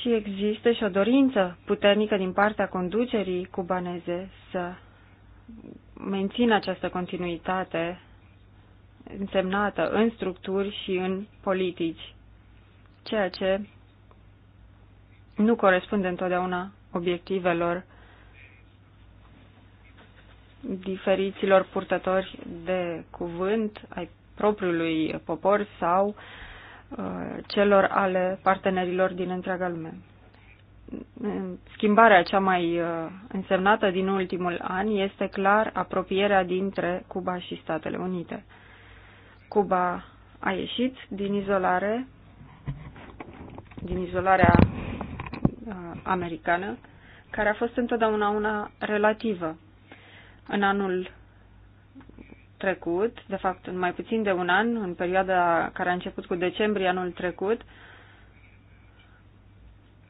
și există și o dorință puternică din partea conducerii cubaneze să mențină această continuitate însemnată în structuri și în politici ceea ce nu corespunde întotdeauna obiectivelor diferiților purtători de cuvânt ai propriului popor sau uh, celor ale partenerilor din întreaga lume. Schimbarea cea mai uh, însemnată din ultimul an este clar apropierea dintre Cuba și Statele Unite. Cuba a ieșit din izolare din izolarea uh, americană, care a fost întotdeauna una relativă. În anul trecut, de fapt în mai puțin de un an, în perioada care a început cu decembrie anul trecut,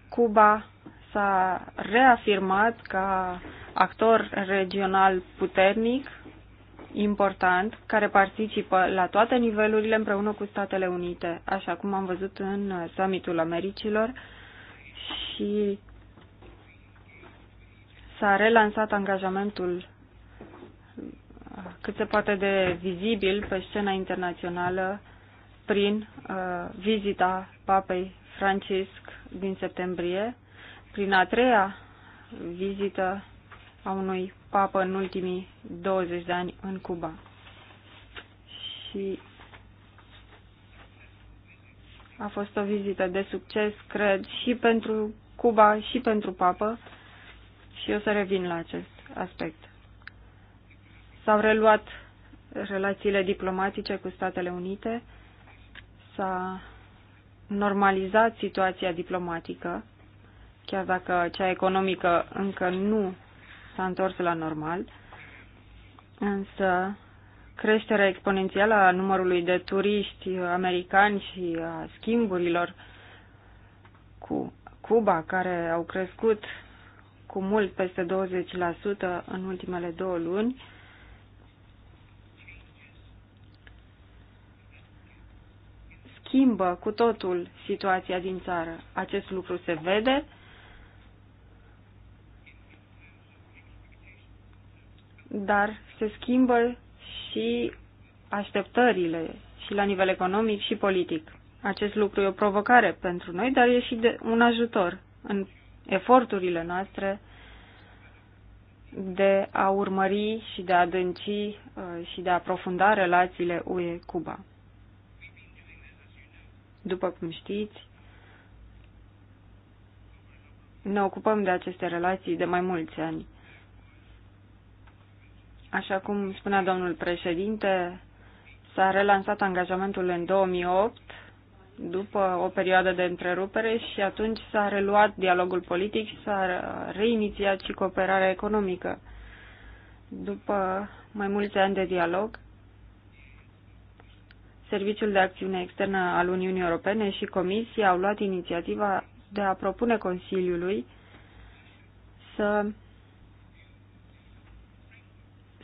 Cuba s-a reafirmat ca actor regional puternic important care participă la toate nivelurile împreună cu Statele Unite, așa cum am văzut în summitul Americilor și s-a relansat angajamentul cât se poate de vizibil pe scena internațională prin uh, vizita Papei Francisc din septembrie, prin a treia vizită a unui papă în ultimii 20 de ani în Cuba. Și a fost o vizită de succes, cred, și pentru Cuba, și pentru papă. Și o să revin la acest aspect. S-au reluat relațiile diplomatice cu Statele Unite, s-a normalizat situația diplomatică, chiar dacă cea economică încă nu s-a întors la normal, însă creșterea exponențială a numărului de turiști americani și a schimburilor cu Cuba, care au crescut cu mult peste 20% în ultimele două luni, schimbă cu totul situația din țară. Acest lucru se vede dar se schimbă și așteptările și la nivel economic și politic. Acest lucru e o provocare pentru noi, dar e și de un ajutor în eforturile noastre de a urmări și de a adânci uh, și de a aprofunda relațiile UE-Cuba. După cum știți, ne ocupăm de aceste relații de mai mulți ani. Așa cum spunea domnul președinte, s-a relansat angajamentul în 2008 după o perioadă de întrerupere și atunci s-a reluat dialogul politic și s-a reinițiat și cooperarea economică. După mai mulți ani de dialog, Serviciul de Acțiune Externă al Uniunii Europene și Comisia au luat inițiativa de a propune Consiliului să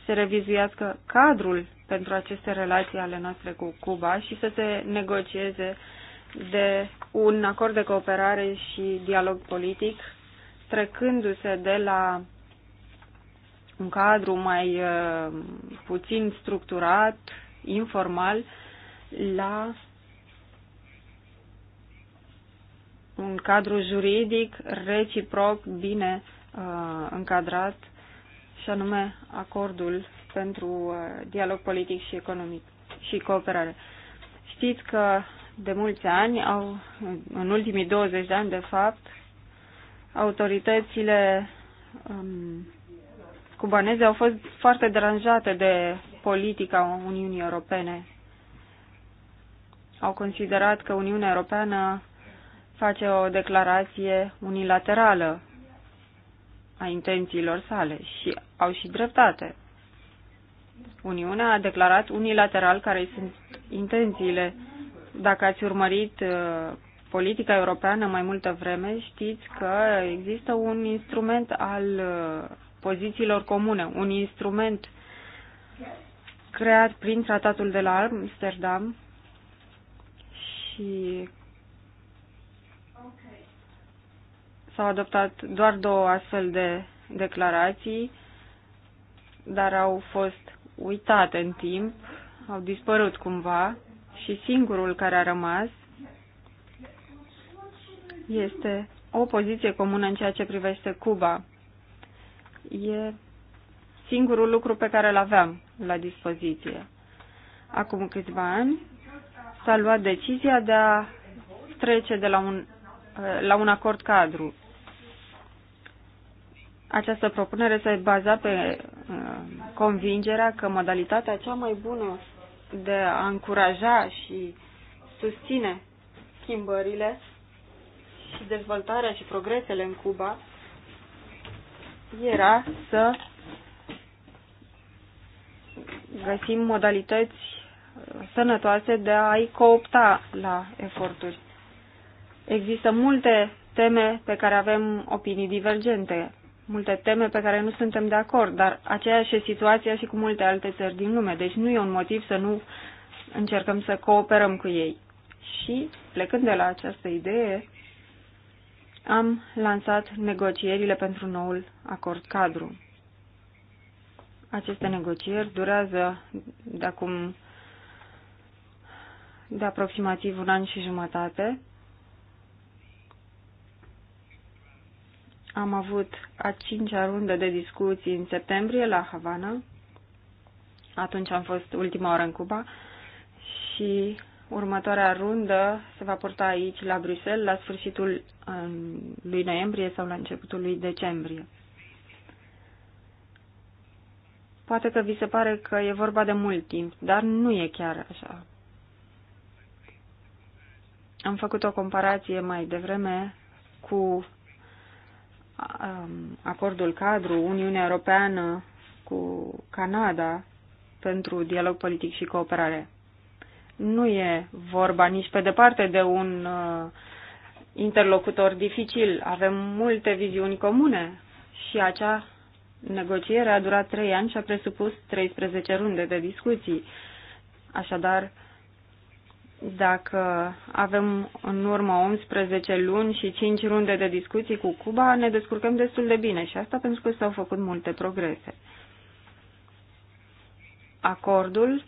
se revizuiască cadrul pentru aceste relații ale noastre cu Cuba și să se negocieze de un acord de cooperare și dialog politic, trecându-se de la un cadru mai uh, puțin structurat, informal, la un cadru juridic reciproc, bine uh, încadrat și anume acordul pentru uh, dialog politic și economic și cooperare. Știți că de mulți ani, au, în ultimii 20 de ani, de fapt, autoritățile um, cubaneze au fost foarte deranjate de politica Uniunii Europene. Au considerat că Uniunea Europeană face o declarație unilaterală a intențiilor sale și au și dreptate. Uniunea a declarat unilateral care sunt intențiile. Dacă ați urmărit uh, politica europeană mai multă vreme, știți că există un instrument al uh, pozițiilor comune, un instrument creat prin tratatul de la Amsterdam și S-au adoptat doar două astfel de declarații, dar au fost uitate în timp, au dispărut cumva și singurul care a rămas este o poziție comună în ceea ce privește Cuba. E singurul lucru pe care îl aveam la dispoziție. Acum câțiva ani s-a luat decizia de a trece de la un, la un acord cadru această propunere se baza pe uh, convingerea că modalitatea cea mai bună de a încuraja și susține schimbările și dezvoltarea și progresele în Cuba era să găsim modalități uh, sănătoase de a-i coopta la eforturi. Există multe teme pe care avem opinii divergente multe teme pe care nu suntem de acord, dar aceeași e situația și cu multe alte țări din lume, deci nu e un motiv să nu încercăm să cooperăm cu ei. Și, plecând de la această idee, am lansat negocierile pentru noul acord cadru. Aceste negocieri durează de acum de aproximativ un an și jumătate Am avut a cincea rundă de discuții în septembrie la Havana. Atunci am fost ultima oară în Cuba și următoarea rundă se va purta aici, la Bruxelles, la sfârșitul um, lui noiembrie sau la începutul lui decembrie. Poate că vi se pare că e vorba de mult timp, dar nu e chiar așa. Am făcut o comparație mai devreme cu Um, acordul cadru Uniunea Europeană cu Canada pentru dialog politic și cooperare. Nu e vorba nici pe departe de un uh, interlocutor dificil. Avem multe viziuni comune și acea negociere a durat trei ani și a presupus 13 runde de discuții. Așadar, dacă avem în urmă 11 luni și 5 runde de discuții cu Cuba, ne descurcăm destul de bine și asta pentru că s-au făcut multe progrese. Acordul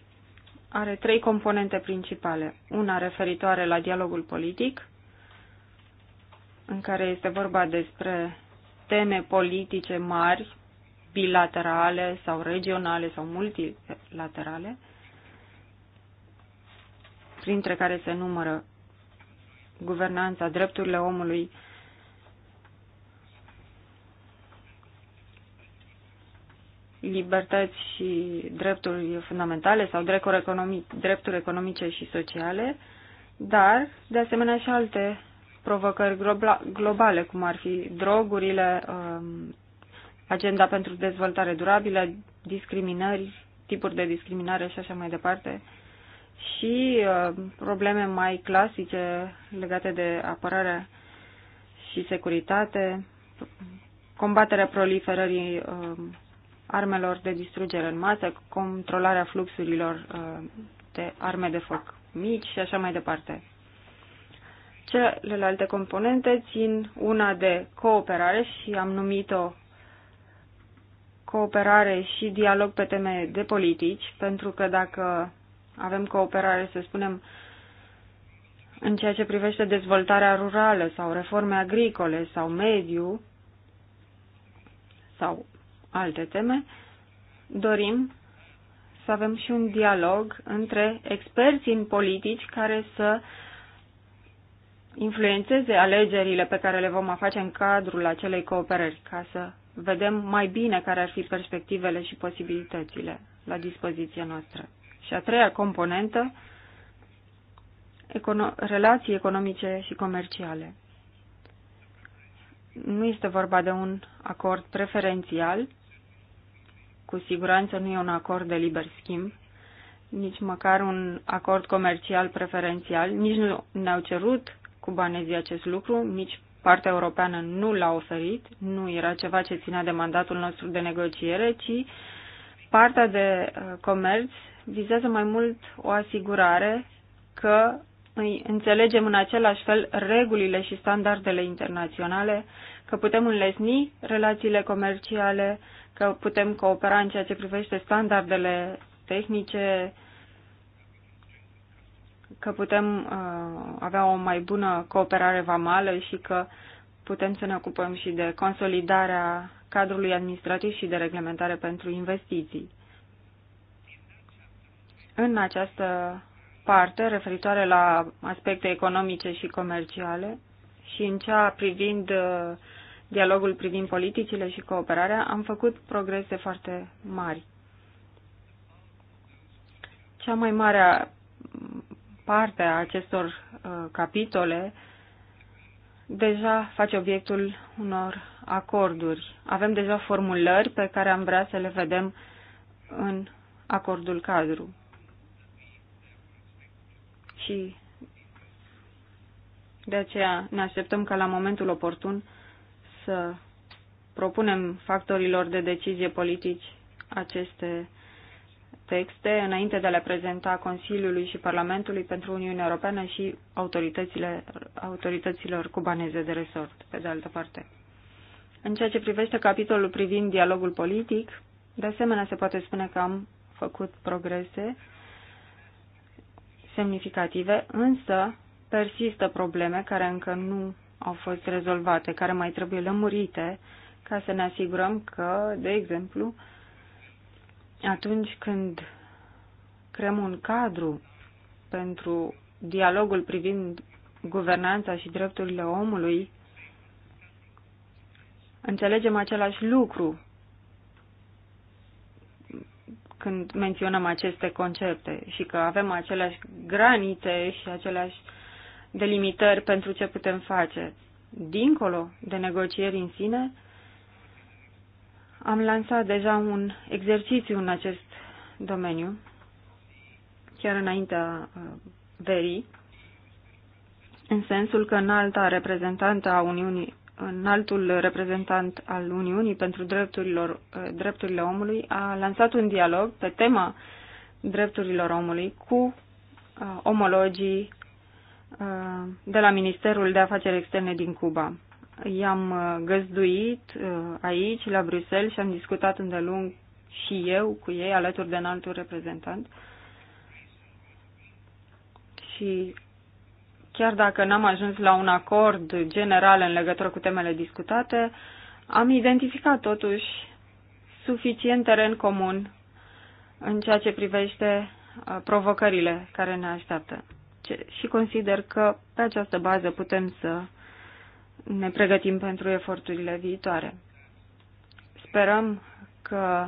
are trei componente principale. Una referitoare la dialogul politic, în care este vorba despre teme politice mari, bilaterale sau regionale sau multilaterale, printre care se numără guvernanța, drepturile omului, libertăți și drepturi fundamentale sau drepturi, economic, drepturi economice și sociale, dar, de asemenea, și alte provocări globale, cum ar fi drogurile, um, agenda pentru dezvoltare durabilă, discriminări, tipuri de discriminare și așa mai departe, și uh, probleme mai clasice legate de apărare și securitate, combaterea proliferării uh, armelor de distrugere în masă, controlarea fluxurilor uh, de arme de foc mici și așa mai departe. Celelalte componente țin una de cooperare și am numit-o cooperare și dialog pe teme de politici, pentru că dacă avem cooperare, să spunem, în ceea ce privește dezvoltarea rurală sau reforme agricole sau mediu sau alte teme, dorim să avem și un dialog între experți în politici care să influențeze alegerile pe care le vom face în cadrul acelei cooperări, ca să vedem mai bine care ar fi perspectivele și posibilitățile la dispoziția noastră. Și a treia componentă, econo relații economice și comerciale. Nu este vorba de un acord preferențial, cu siguranță nu e un acord de liber schimb, nici măcar un acord comercial preferențial, nici nu ne-au cerut banezii acest lucru, nici partea europeană nu l-a oferit, nu era ceva ce ținea de mandatul nostru de negociere, ci partea de uh, comerț vizează mai mult o asigurare că îi înțelegem în același fel regulile și standardele internaționale, că putem înlesni relațiile comerciale, că putem coopera în ceea ce privește standardele tehnice, că putem uh, avea o mai bună cooperare vamală și că putem să ne ocupăm și de consolidarea cadrului administrativ și de reglementare pentru investiții în această parte referitoare la aspecte economice și comerciale și în cea privind uh, dialogul privind politicile și cooperarea, am făcut progrese foarte mari. Cea mai mare parte a acestor uh, capitole deja face obiectul unor acorduri. Avem deja formulări pe care am vrea să le vedem în acordul cadru și de aceea ne așteptăm ca la momentul oportun să propunem factorilor de decizie politici aceste texte înainte de a le prezenta Consiliului și Parlamentului pentru Uniunea Europeană și autoritățile, autorităților cubaneze de resort, pe de altă parte. În ceea ce privește capitolul privind dialogul politic, de asemenea se poate spune că am făcut progrese semnificative, însă persistă probleme care încă nu au fost rezolvate, care mai trebuie lămurite ca să ne asigurăm că, de exemplu, atunci când creăm un cadru pentru dialogul privind guvernanța și drepturile omului, înțelegem același lucru când menționăm aceste concepte și că avem aceleași granițe și aceleași delimitări pentru ce putem face. Dincolo de negocieri în sine, am lansat deja un exercițiu în acest domeniu, chiar înaintea uh, verii, în sensul că înalta reprezentantă a Uniunii înaltul reprezentant al Uniunii pentru drepturilor, eh, drepturile omului a lansat un dialog pe tema drepturilor omului cu uh, omologii uh, de la Ministerul de Afaceri Externe din Cuba. I-am uh, găzduit uh, aici, la Bruxelles, și am discutat îndelung și eu cu ei, alături de înaltul reprezentant. Și Chiar dacă n-am ajuns la un acord general în legătură cu temele discutate, am identificat totuși suficient teren comun în ceea ce privește uh, provocările care ne așteaptă. Și consider că pe această bază putem să ne pregătim pentru eforturile viitoare. Sperăm că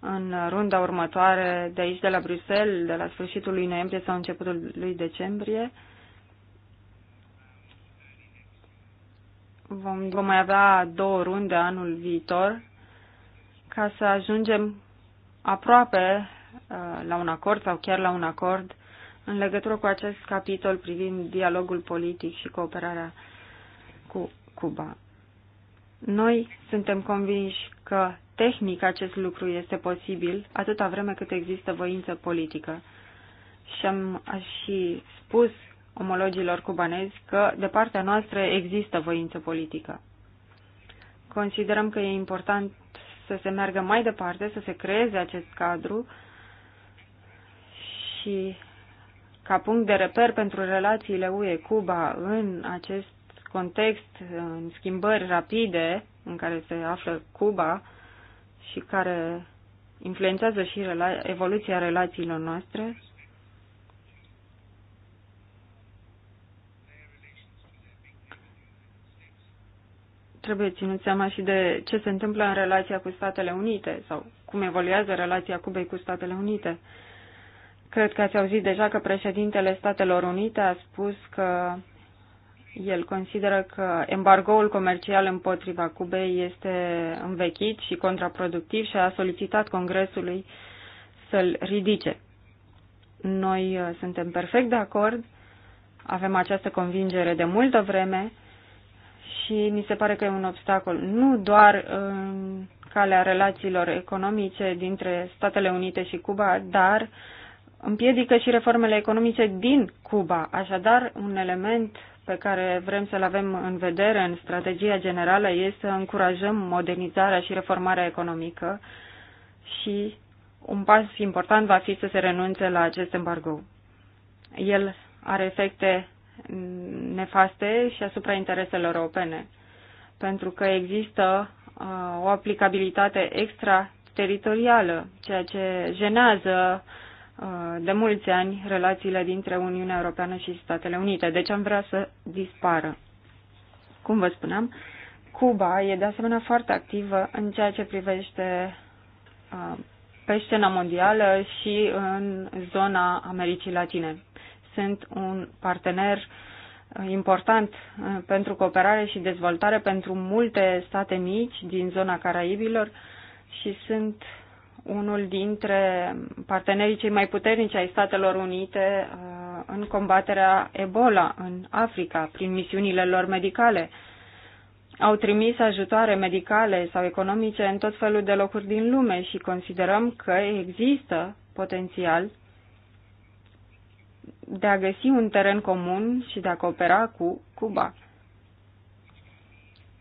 în runda următoare de aici de la Bruxelles, de la sfârșitul lui noiembrie sau începutul lui decembrie, Vom, vom mai avea două runde anul viitor ca să ajungem aproape uh, la un acord sau chiar la un acord în legătură cu acest capitol privind dialogul politic și cooperarea cu Cuba. Noi suntem convinși că tehnic acest lucru este posibil atâta vreme cât există voință politică. Și am și spus omologilor cubanezi că de partea noastră există voință politică. Considerăm că e important să se meargă mai departe, să se creeze acest cadru și ca punct de reper pentru relațiile UE-Cuba în acest context, în schimbări rapide în care se află Cuba și care influențează și evoluția relațiilor noastre, trebuie ținut seama și de ce se întâmplă în relația cu Statele Unite sau cum evoluează relația Cubei cu Statele Unite. Cred că ați auzit deja că președintele Statelor Unite a spus că el consideră că embargoul comercial împotriva Cubei este învechit și contraproductiv și a solicitat Congresului să-l ridice. Noi uh, suntem perfect de acord, avem această convingere de multă vreme și mi se pare că e un obstacol nu doar în calea relațiilor economice dintre Statele Unite și Cuba, dar împiedică și reformele economice din Cuba. Așadar, un element pe care vrem să-l avem în vedere în strategia generală este să încurajăm modernizarea și reformarea economică și un pas important va fi să se renunțe la acest embargo. El are efecte nefaste și asupra intereselor europene, pentru că există uh, o aplicabilitate extrateritorială, ceea ce jenează uh, de mulți ani relațiile dintre Uniunea Europeană și Statele Unite. Deci am vrea să dispară. Cum vă spuneam, Cuba e de asemenea foarte activă în ceea ce privește uh, pe scena mondială și în zona Americii Latine sunt un partener uh, important uh, pentru cooperare și dezvoltare pentru multe state mici din zona Caraibilor și sunt unul dintre partenerii cei mai puternici ai Statelor Unite uh, în combaterea Ebola în Africa prin misiunile lor medicale. Au trimis ajutoare medicale sau economice în tot felul de locuri din lume și considerăm că există potențial de a găsi un teren comun și de a coopera cu Cuba,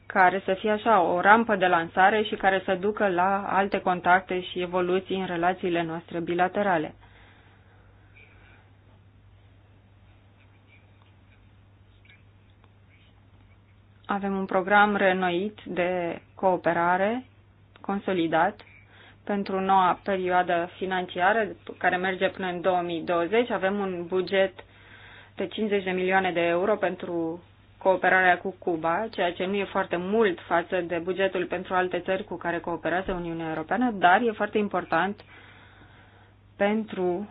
care să fie așa o rampă de lansare și care să ducă la alte contacte și evoluții în relațiile noastre bilaterale. Avem un program renoit de cooperare consolidat pentru noua perioadă financiară care merge până în 2020. Avem un buget de 50 de milioane de euro pentru cooperarea cu Cuba, ceea ce nu e foarte mult față de bugetul pentru alte țări cu care cooperează Uniunea Europeană, dar e foarte important pentru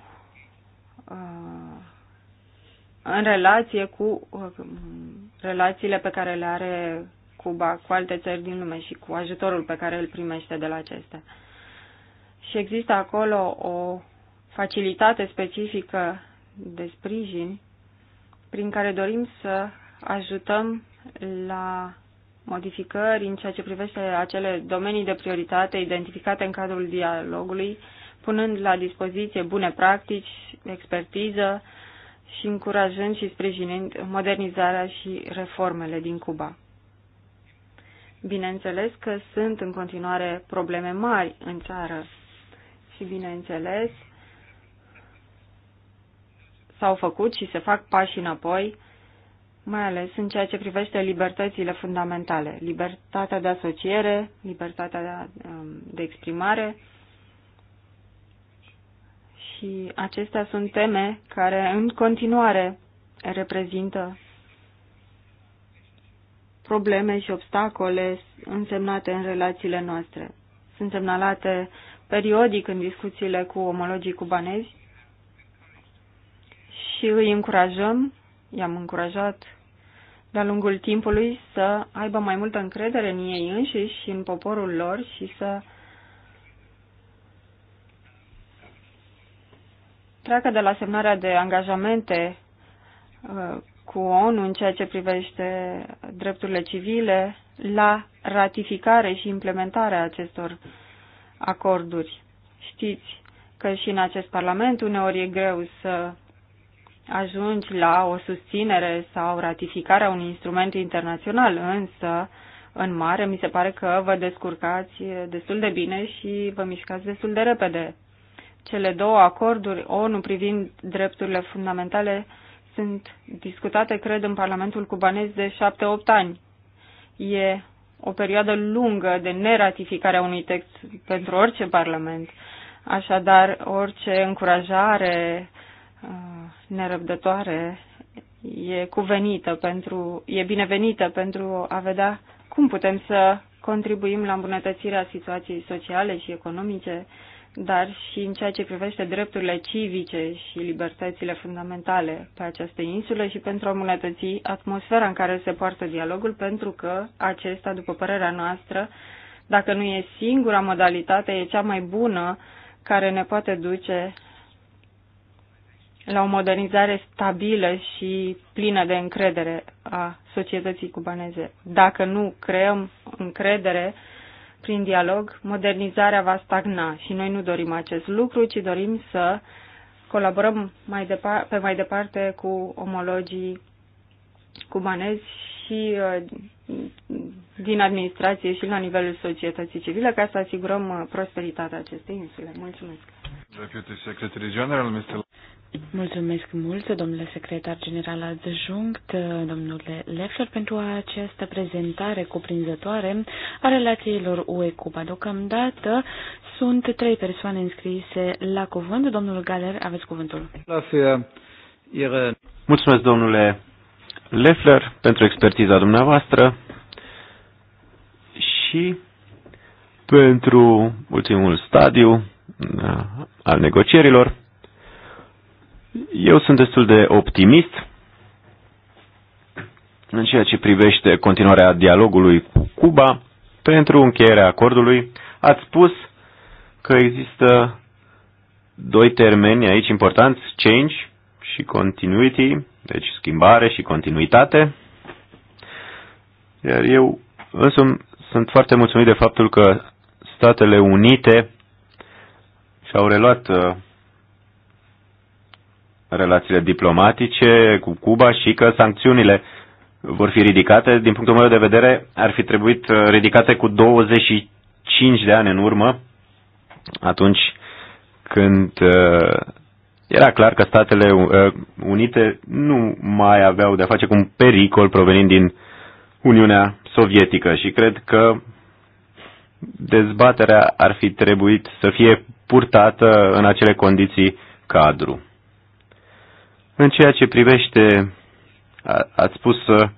uh, în relație cu uh, relațiile pe care le are Cuba cu alte țări din lume și cu ajutorul pe care îl primește de la acestea și există acolo o facilitate specifică de sprijin prin care dorim să ajutăm la modificări în ceea ce privește acele domenii de prioritate identificate în cadrul dialogului, punând la dispoziție bune practici, expertiză și încurajând și sprijinind modernizarea și reformele din Cuba. Bineînțeles că sunt în continuare probleme mari în țară și, bineînțeles, s-au făcut și se fac pași înapoi, mai ales în ceea ce privește libertățile fundamentale, libertatea de asociere, libertatea um, de exprimare și acestea sunt teme care în continuare reprezintă probleme și obstacole însemnate în relațiile noastre. Sunt semnalate periodic în discuțiile cu omologii cubanezi și îi încurajăm, i-am încurajat de-a lungul timpului să aibă mai multă încredere în ei înșiși și în poporul lor și să treacă de la semnarea de angajamente uh, cu ONU în ceea ce privește drepturile civile la ratificare și implementarea acestor acorduri. Știți că și în acest Parlament uneori e greu să ajungi la o susținere sau ratificarea unui instrument internațional, însă, în mare, mi se pare că vă descurcați destul de bine și vă mișcați destul de repede. Cele două acorduri ONU privind drepturile fundamentale sunt discutate, cred, în Parlamentul cubanez de șapte-opt ani. E o perioadă lungă de neratificare a unui text pentru orice parlament. Așadar, orice încurajare uh, nerăbdătoare e cuvenită pentru, e binevenită pentru a vedea cum putem să contribuim la îmbunătățirea situației sociale și economice dar și în ceea ce privește drepturile civice și libertățile fundamentale pe această insulă și pentru a îmbunătăți atmosfera în care se poartă dialogul, pentru că acesta, după părerea noastră, dacă nu e singura modalitate, e cea mai bună care ne poate duce la o modernizare stabilă și plină de încredere a societății cubaneze. Dacă nu creăm încredere, prin dialog, modernizarea va stagna și noi nu dorim acest lucru, ci dorim să colaborăm mai depar- pe mai departe cu omologii cubanezi și uh, din administrație și la nivelul societății civile ca să asigurăm uh, prosperitatea acestei insule. Mulțumesc! General, Mulțumesc mult, domnule secretar general adjunct, domnule Leffler, pentru această prezentare cuprinzătoare a relațiilor UE Cuba. Deocamdată sunt trei persoane înscrise la cuvânt. Domnul Galer, aveți cuvântul. Mulțumesc, domnule Leffler, pentru expertiza dumneavoastră și pentru ultimul stadiu uh, al negocierilor. Eu sunt destul de optimist în ceea ce privește continuarea dialogului cu Cuba pentru încheierea acordului. Ați spus că există doi termeni aici importanți, change și continuity, deci schimbare și continuitate. Iar eu însă sunt foarte mulțumit de faptul că Statele Unite și-au reluat uh, relațiile diplomatice cu Cuba și că sancțiunile vor fi ridicate. Din punctul meu de vedere, ar fi trebuit uh, ridicate cu 25 de ani în urmă, atunci când uh, era clar că Statele uh, Unite nu mai aveau de-a face cu un pericol provenind din Uniunea Sovietică și cred că dezbaterea ar fi trebuit să fie purtată în acele condiții cadru. În ceea ce privește, a, ați spus, uh,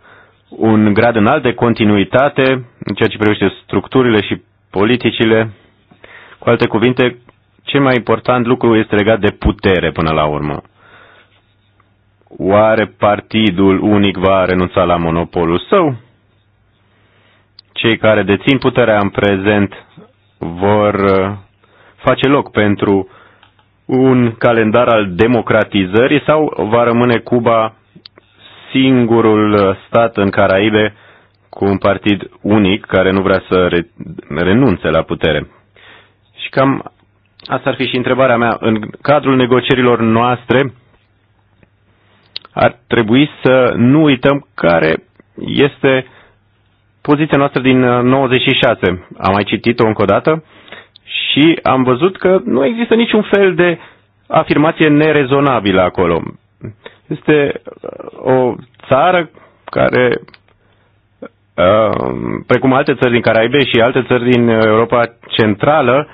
un grad înalt de continuitate în ceea ce privește structurile și politicile. Cu alte cuvinte, cel mai important lucru este legat de putere până la urmă. Oare partidul unic va renunța la monopolul său? Cei care dețin puterea în prezent vor uh, face loc pentru un calendar al democratizării sau va rămâne Cuba singurul stat în Caraibe cu un partid unic care nu vrea să re- renunțe la putere? Și cam asta ar fi și întrebarea mea. În cadrul negocierilor noastre ar trebui să nu uităm care este poziția noastră din 96. Uh, Am mai citit-o încă o dată și am văzut că nu există niciun fel de afirmație nerezonabilă acolo. Este uh, o țară care, uh, precum alte țări din Caraibe și alte țări din Europa Centrală,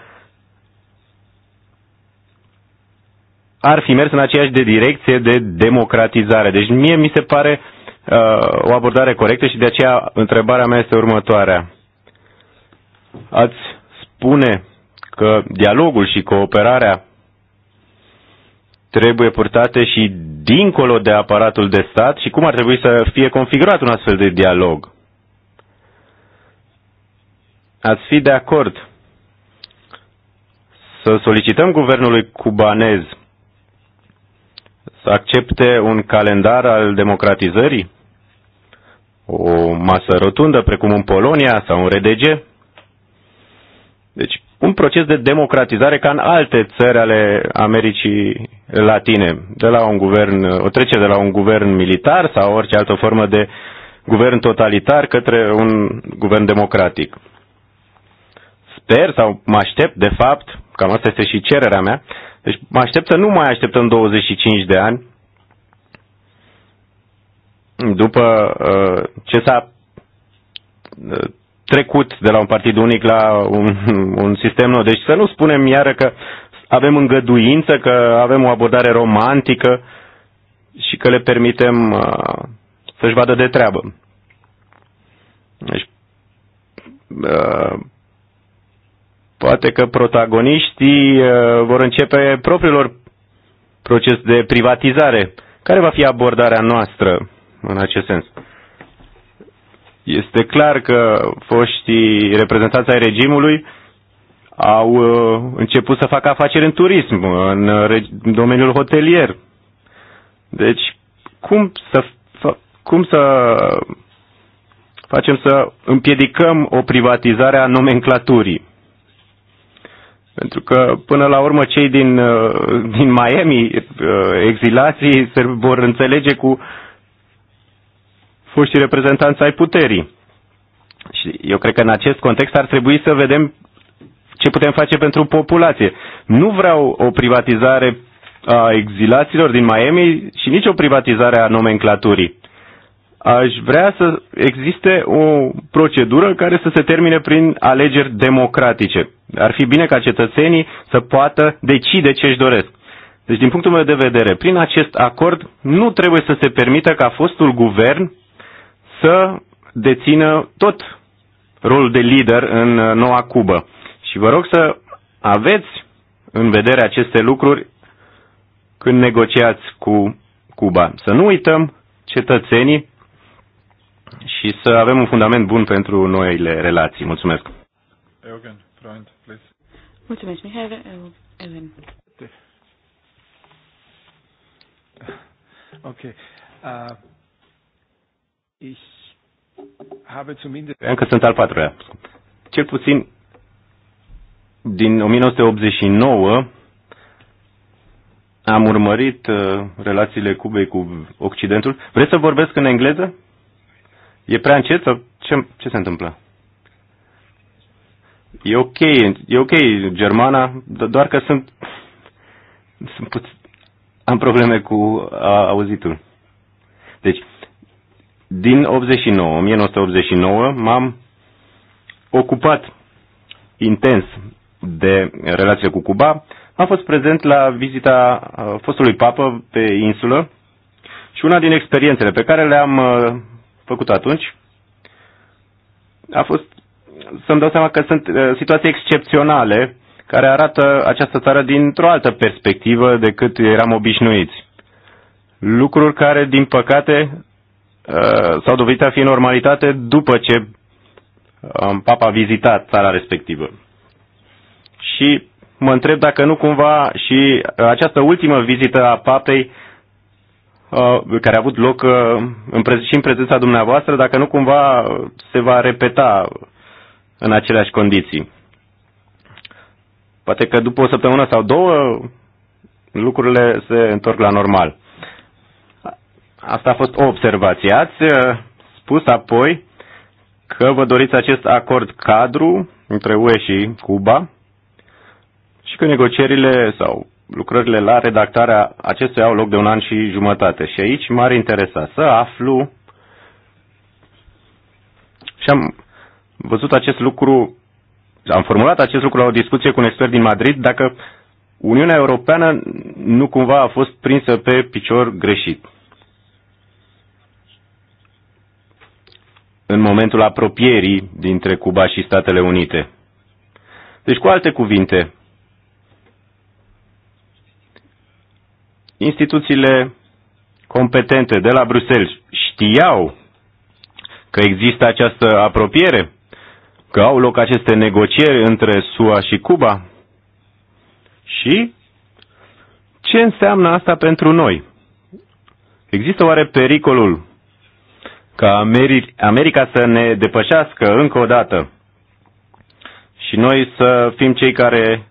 ar fi mers în aceeași de direcție de democratizare. Deci mie mi se pare uh, o abordare corectă și de aceea întrebarea mea este următoarea. Ați spune că dialogul și cooperarea trebuie purtate și dincolo de aparatul de stat și cum ar trebui să fie configurat un astfel de dialog. Ați fi de acord să solicităm guvernului cubanez să accepte un calendar al democratizării? O masă rotundă, precum în Polonia sau în RDG? Deci, un proces de democratizare ca în alte țări ale Americii Latine, de la un guvern, o trece de la un guvern militar sau orice altă formă de guvern totalitar către un guvern democratic. Sper sau mă aștept, de fapt, cam asta este și cererea mea, deci mă aștept să nu mai așteptăm 25 de ani după uh, ce s-a uh, trecut de la un partid unic la un, un sistem nou. Deci să nu spunem iară că avem îngăduință, că avem o abordare romantică și că le permitem uh, să-și vadă de treabă. Deci, uh, poate că protagoniștii uh, vor începe propriilor proces de privatizare. Care va fi abordarea noastră în acest sens? Este clar că foștii reprezentanți ai regimului au uh, început să facă afaceri în turism, în uh, domeniul hotelier. Deci, cum să, cum să facem să împiedicăm o privatizare a nomenclaturii? Pentru că, până la urmă, cei din, uh, din Miami, exilații, se vor înțelege cu foștii reprezentanți ai puterii. Și eu cred că în acest context ar trebui să vedem ce putem face pentru populație. Nu vreau o privatizare a exilaților din Miami și nici o privatizare a nomenclaturii. Aș vrea să existe o procedură care să se termine prin alegeri democratice. Ar fi bine ca cetățenii să poată decide ce își doresc. Deci, din punctul meu de vedere, prin acest acord nu trebuie să se permită ca fostul guvern să dețină tot rolul de lider în uh, noua Cubă. Și vă rog să aveți în vedere aceste lucruri când negociați cu Cuba. Să nu uităm cetățenii și să avem un fundament bun pentru noile relații. Mulțumesc. Eugen, Freund, please. Mulțumesc, Mihai. Eugen. Ok. Uh, Ich Încă sunt al patrulea. Cel puțin din 1989 am urmărit uh, relațiile Cubei cu Occidentul. Vreți să vorbesc în engleză? E prea încet sau ce, ce se întâmplă? E ok, e ok germana, doar că sunt, sunt puț- am probleme cu a, auzitul. Deci, din 89, 1989, m-am ocupat intens de relație cu Cuba. Am fost prezent la vizita uh, fostului papă pe insulă și una din experiențele pe care le-am uh, făcut atunci a fost să-mi dau seama că sunt uh, situații excepționale care arată această țară dintr-o altă perspectivă decât eram obișnuiți. Lucruri care, din păcate, Uh, s-au dovedit a fi normalitate după ce um, papa a vizitat țara respectivă. Și mă întreb dacă nu cumva și uh, această ultimă vizită a papei uh, care a avut loc și în prezența dumneavoastră, dacă nu cumva se va repeta în aceleași condiții. Poate că după o săptămână sau două lucrurile se întorc la normal. Asta a fost o observație. Ați uh, spus apoi că vă doriți acest acord cadru între UE și Cuba și că negocierile sau lucrările la redactarea acestuia au loc de un an și jumătate. Și aici m-ar interesa să aflu și am văzut acest lucru, am formulat acest lucru la o discuție cu un expert din Madrid, dacă Uniunea Europeană nu cumva a fost prinsă pe picior greșit. în momentul apropierii dintre Cuba și Statele Unite. Deci, cu alte cuvinte, instituțiile competente de la Bruxelles știau că există această apropiere, că au loc aceste negocieri între SUA și Cuba? Și ce înseamnă asta pentru noi? Există oare pericolul ca America să ne depășească încă o dată și noi să fim cei care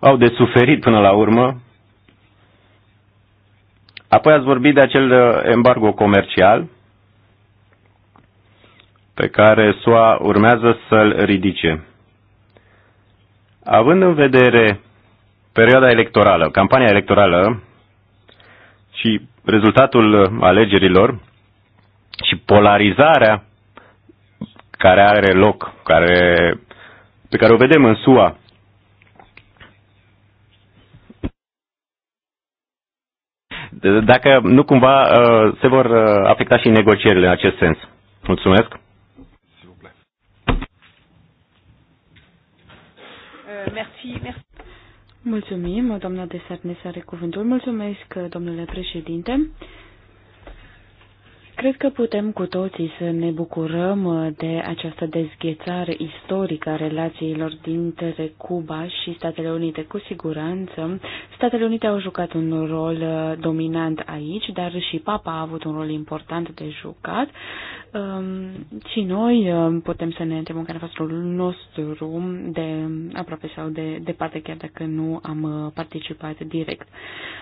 au de suferit până la urmă. Apoi ați vorbit de acel uh, embargo comercial pe care SUA urmează să-l ridice. Având în vedere perioada electorală, campania electorală și rezultatul alegerilor, polarizarea care are loc, care, pe care o vedem în SUA. Dacă nu cumva uh, se vor uh, afecta și negocierile în acest sens. Mulțumesc. Uh, Mulțumim, doamna desarne are cuvântul. Mulțumesc, domnule președinte. Cred că putem cu toții să ne bucurăm uh, de această dezghețare istorică a relațiilor dintre Cuba și Statele Unite. Cu siguranță, Statele Unite au jucat un rol uh, dominant aici, dar și Papa a avut un rol important de jucat. Um, și noi um, putem să ne întrebăm care a fost rolul nostru de aproape sau de departe, chiar dacă nu am uh, participat direct.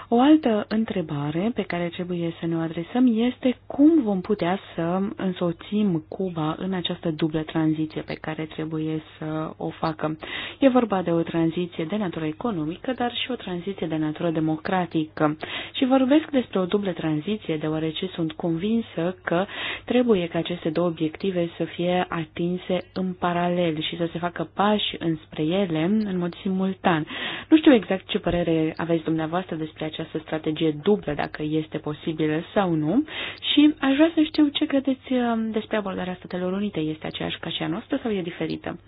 O altă întrebare pe care trebuie să ne o adresăm este cum vom putea să însoțim Cuba în această dublă tranziție pe care trebuie să o facă. E vorba de o tranziție de natură economică, dar și o tranziție de natură democratică. Și vorbesc despre o dublă tranziție, deoarece sunt convinsă că trebuie ca aceste două obiective să fie atinse în paralel și să se facă pași înspre ele în mod simultan. Nu știu exact ce părere aveți dumneavoastră despre această strategie dublă, dacă este posibilă sau nu, și aș vrea să știu ce credeți um, despre abordarea Statelor Unite. Este aceeași ca și a noastră sau e diferită?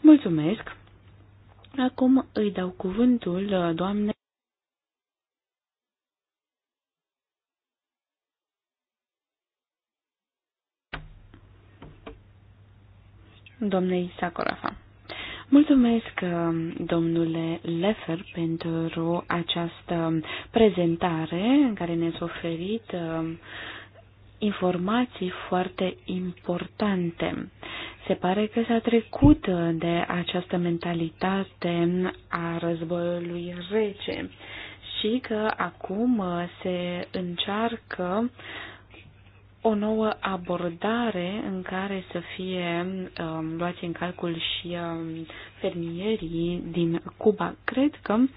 Mulțumesc! Acum îi dau cuvântul uh, doamne. Domnei Sakorafa. Mulțumesc, um, domnule Lefer, pentru această prezentare în care ne-ați oferit um, informații foarte importante. Se pare că s-a trecut de această mentalitate a războiului rece și că acum se încearcă o nouă abordare în care să fie um, luați în calcul și um, fermierii din Cuba. Cred că uh,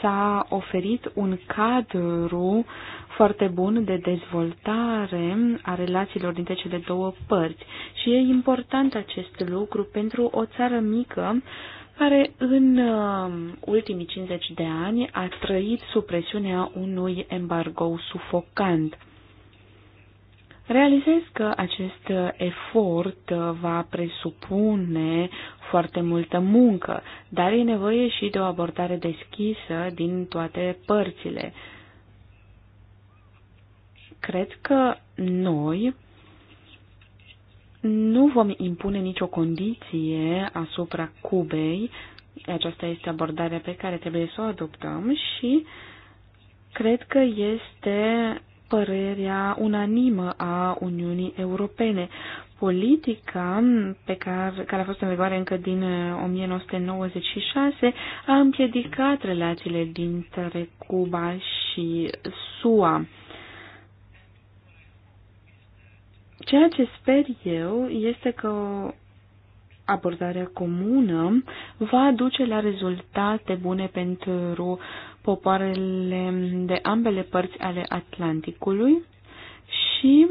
s-a oferit un cadru foarte bun de dezvoltare a relațiilor dintre cele două părți și e important acest lucru pentru o țară mică care în uh, ultimii 50 de ani a trăit sub presiunea unui embargo sufocant. Realizez că acest efort va presupune foarte multă muncă, dar e nevoie și de o abordare deschisă din toate părțile. Cred că noi nu vom impune nicio condiție asupra Cubei. Aceasta este abordarea pe care trebuie să o adoptăm și cred că este părerea unanimă a Uniunii Europene. Politica pe care, care a fost în vigoare încă din 1996 uh, a împiedicat relațiile dintre Cuba și SUA. Ceea ce sper eu este că abordarea comună va duce la rezultate bune pentru popoarele de ambele părți ale Atlanticului și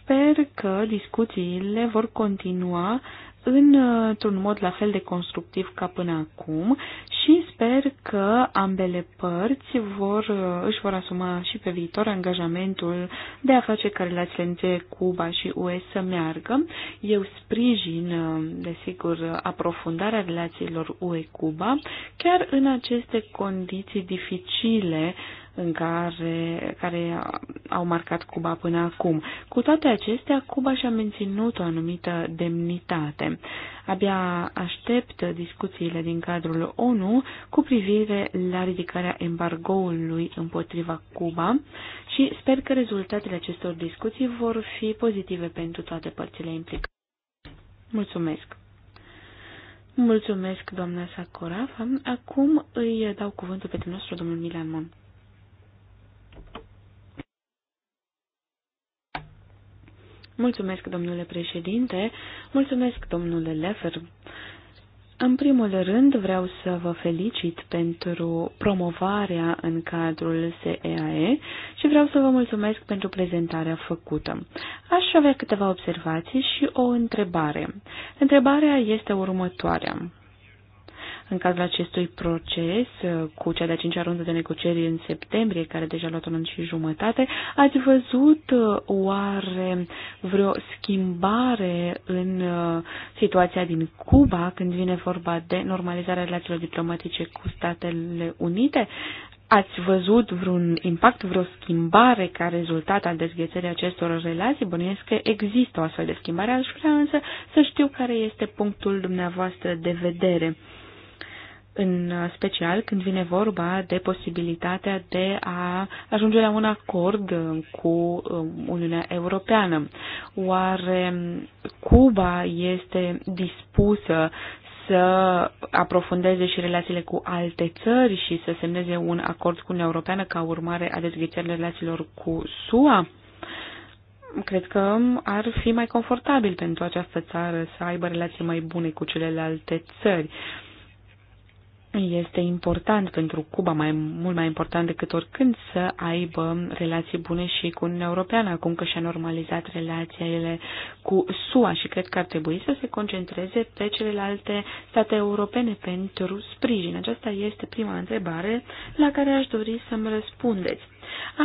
sper că discuțiile vor continua într-un mod la fel de constructiv ca până acum și sper că ambele părți vor, își vor asuma și pe viitor angajamentul de a face ca relațiile între Cuba și UE să meargă. Eu sprijin, desigur, aprofundarea relațiilor UE-Cuba, chiar în aceste condiții dificile în care, care au marcat Cuba până acum. Cu toate acestea, Cuba și-a menținut o anumită demnitate. Abia aștept discuțiile din cadrul ONU cu privire la ridicarea embargoului împotriva Cuba și sper că rezultatele acestor discuții vor fi pozitive pentru toate părțile implicate. Mulțumesc! Mulțumesc, doamna Sacorafa. Acum îi dau cuvântul pe nostru, domnul Milan Mon. Mulțumesc, domnule președinte. Mulțumesc, domnule Lefer. În primul rând, vreau să vă felicit pentru promovarea în cadrul SEAE și vreau să vă mulțumesc pentru prezentarea făcută. Aș avea câteva observații și o întrebare. Întrebarea este următoarea în cazul acestui proces, uh, cu cea de-a cincea rundă de negocieri în septembrie, care deja a luat un an și jumătate, ați văzut uh, oare vreo schimbare în uh, situația din Cuba când vine vorba de normalizarea relațiilor diplomatice cu Statele Unite? Ați văzut vreun impact, vreo schimbare ca rezultat al dezghețării acestor relații? Bănuiesc că există o astfel de schimbare, aș vrea însă să știu care este punctul dumneavoastră de vedere în special când vine vorba de posibilitatea de a ajunge la un acord cu um, Uniunea Europeană. Oare Cuba este dispusă să aprofundeze și relațiile cu alte țări și să semneze un acord cu Uniunea Europeană ca urmare a dezghețării relațiilor cu SUA? Cred că ar fi mai confortabil pentru această țară să aibă relații mai bune cu celelalte țări. Uh, este important pentru Cuba, mai mult mai important decât oricând, să aibă relații bune și cu Uniunea Europeană, acum că și-a normalizat relațiile cu SUA și cred că ar trebui să se concentreze pe celelalte state europene pentru sprijin. Aceasta este prima întrebare la care aș dori să-mi răspundeți.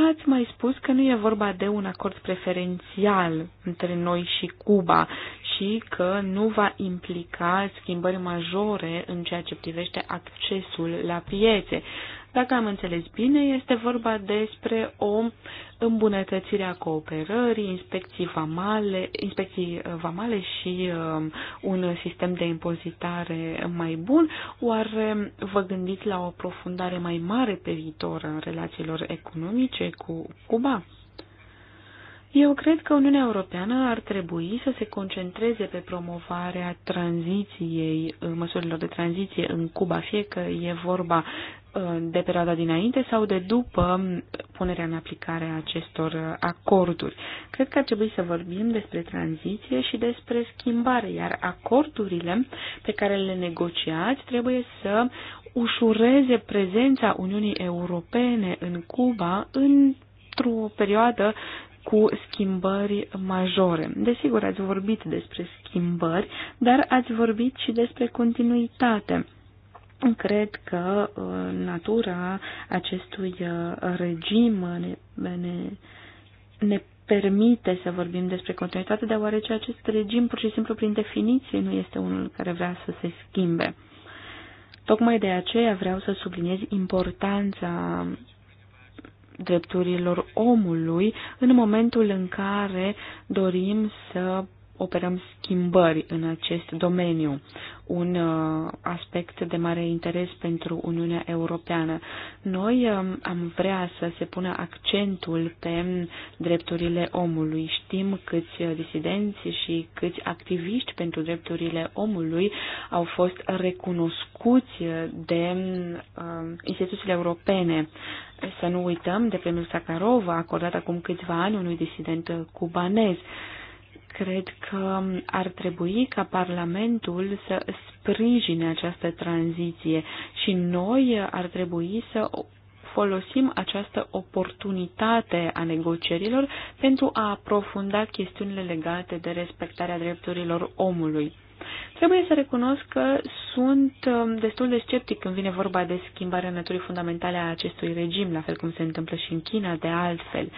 Ați mai spus că nu e vorba de un acord preferențial între noi și Cuba, ci că nu va implica schimbări majore în ceea ce privește accesul la piețe. Dacă am înțeles bine, este vorba despre o îmbunătățire a cooperării, inspecții vamale, inspecții vamale și um, un sistem de impozitare mai bun. Oare vă gândiți la o profundare mai mare pe viitor în relațiilor economice cu Cuba? Eu cred că Uniunea Europeană ar trebui să se concentreze pe promovarea tranziției, uh, măsurilor de tranziție în Cuba, fie că e vorba uh, de perioada dinainte sau de după punerea în aplicare a acestor uh, acorduri. Cred că ar trebui să vorbim despre tranziție și despre schimbare, iar acordurile pe care le negociați trebuie să ușureze prezența Uniunii Europene în Cuba în într-o perioadă cu schimbări majore. Desigur, ați vorbit despre schimbări, dar ați vorbit și despre continuitate. Cred că uh, natura acestui uh, regim ne, ne, ne permite să vorbim despre continuitate, deoarece acest regim, pur și simplu, prin definiție, nu este unul care vrea să se schimbe. Tocmai de aceea vreau să subliniez importanța drepturilor omului în momentul în care dorim să operăm schimbări în acest domeniu, un uh, aspect de mare interes pentru Uniunea Europeană. Noi um, am vrea să se pună accentul pe drepturile omului. Știm câți disidenți și câți activiști pentru drepturile omului au fost recunoscuți de um, instituțiile europene să nu uităm de premiul Sakharov acordat acum câțiva ani unui disident cubanez. Cred că ar trebui ca Parlamentul să sprijine această tranziție și noi ar trebui să folosim această oportunitate a negocierilor pentru a aprofunda chestiunile legate de respectarea drepturilor omului. Trebuie să recunosc că sunt um, destul de sceptic când vine vorba de schimbarea naturii fundamentale a acestui regim, la fel cum se întâmplă și în China de altfel.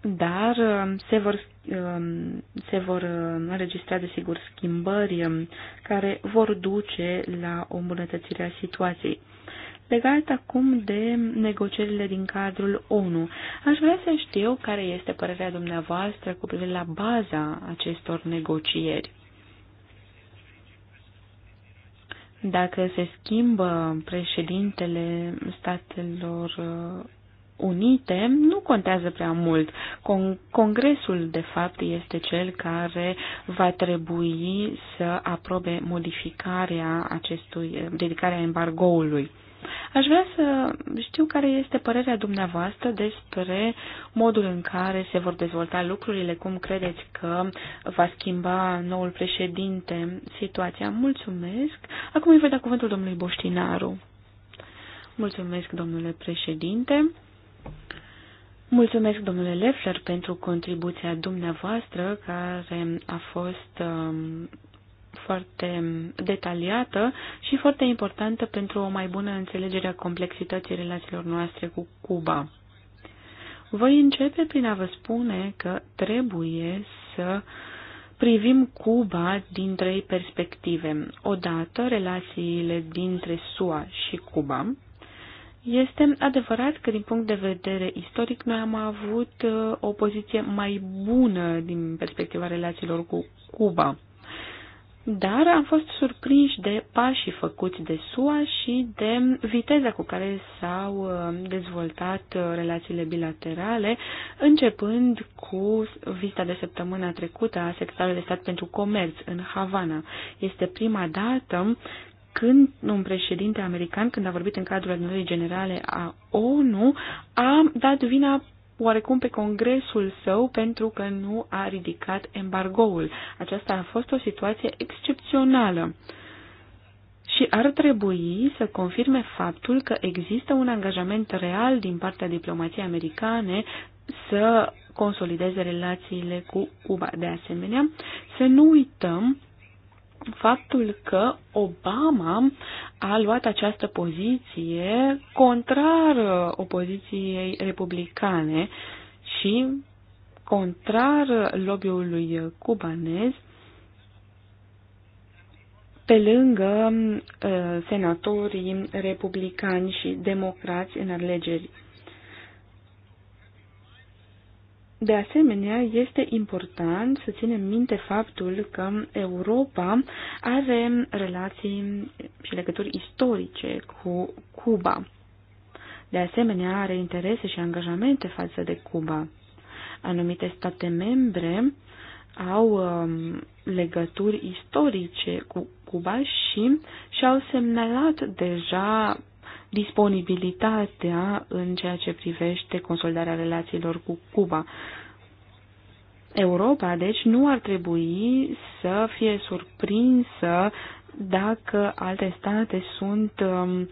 Dar um, se vor, um, se vor înregistra, desigur, schimbări care vor duce la o îmbunătățire a situației legat acum de negocierile din cadrul ONU. Aș vrea să știu care este părerea dumneavoastră cu privire la baza acestor negocieri. Dacă se schimbă președintele statelor uh, unite, nu contează prea mult. Con Congresul, de fapt, este cel care va trebui să aprobe modificarea acestui, dedicarea uh, embargoului. Aș vrea să știu care este părerea dumneavoastră despre modul în care se vor dezvolta lucrurile, cum credeți că va schimba noul președinte situația. Mulțumesc. Acum îi voi da cuvântul domnului Boștinaru. Mulțumesc, domnule președinte. Mulțumesc, domnule Leffler, pentru contribuția dumneavoastră, care a fost um, foarte detaliată și foarte importantă pentru o mai bună înțelegere a complexității relațiilor noastre cu Cuba. Voi începe prin a vă spune că trebuie să privim Cuba din trei perspective. Odată, relațiile dintre SUA și Cuba. Este adevărat că din punct de vedere istoric noi am avut uh, o poziție mai bună din perspectiva relațiilor cu Cuba dar am fost surprinși de pașii făcuți de SUA și de viteza cu care s-au uh, dezvoltat uh, relațiile bilaterale, începând cu vizita de săptămâna trecută a secretarului de stat pentru comerț în Havana. Este prima dată când un președinte american, când a vorbit în cadrul adunării generale a ONU, a dat vina oarecum pe congresul său pentru că nu a ridicat embargoul. Aceasta a fost o situație excepțională și ar trebui să confirme faptul că există un angajament real din partea diplomației americane să consolideze relațiile cu Cuba. De asemenea, să nu uităm faptul că Obama a luat această poziție contrar uh, opoziției republicane și contrar lobby-ului cubanez pe lângă uh, senatorii republicani și democrați în alegeri De asemenea, este important să ținem minte faptul că Europa are relații și legături istorice cu Cuba. De asemenea, are interese și angajamente față de Cuba. Anumite state membre au um, legături istorice cu Cuba și și-au semnalat deja disponibilitatea în ceea ce privește consolidarea relațiilor cu Cuba. Europa, deci, nu ar trebui să fie surprinsă dacă alte state sunt um,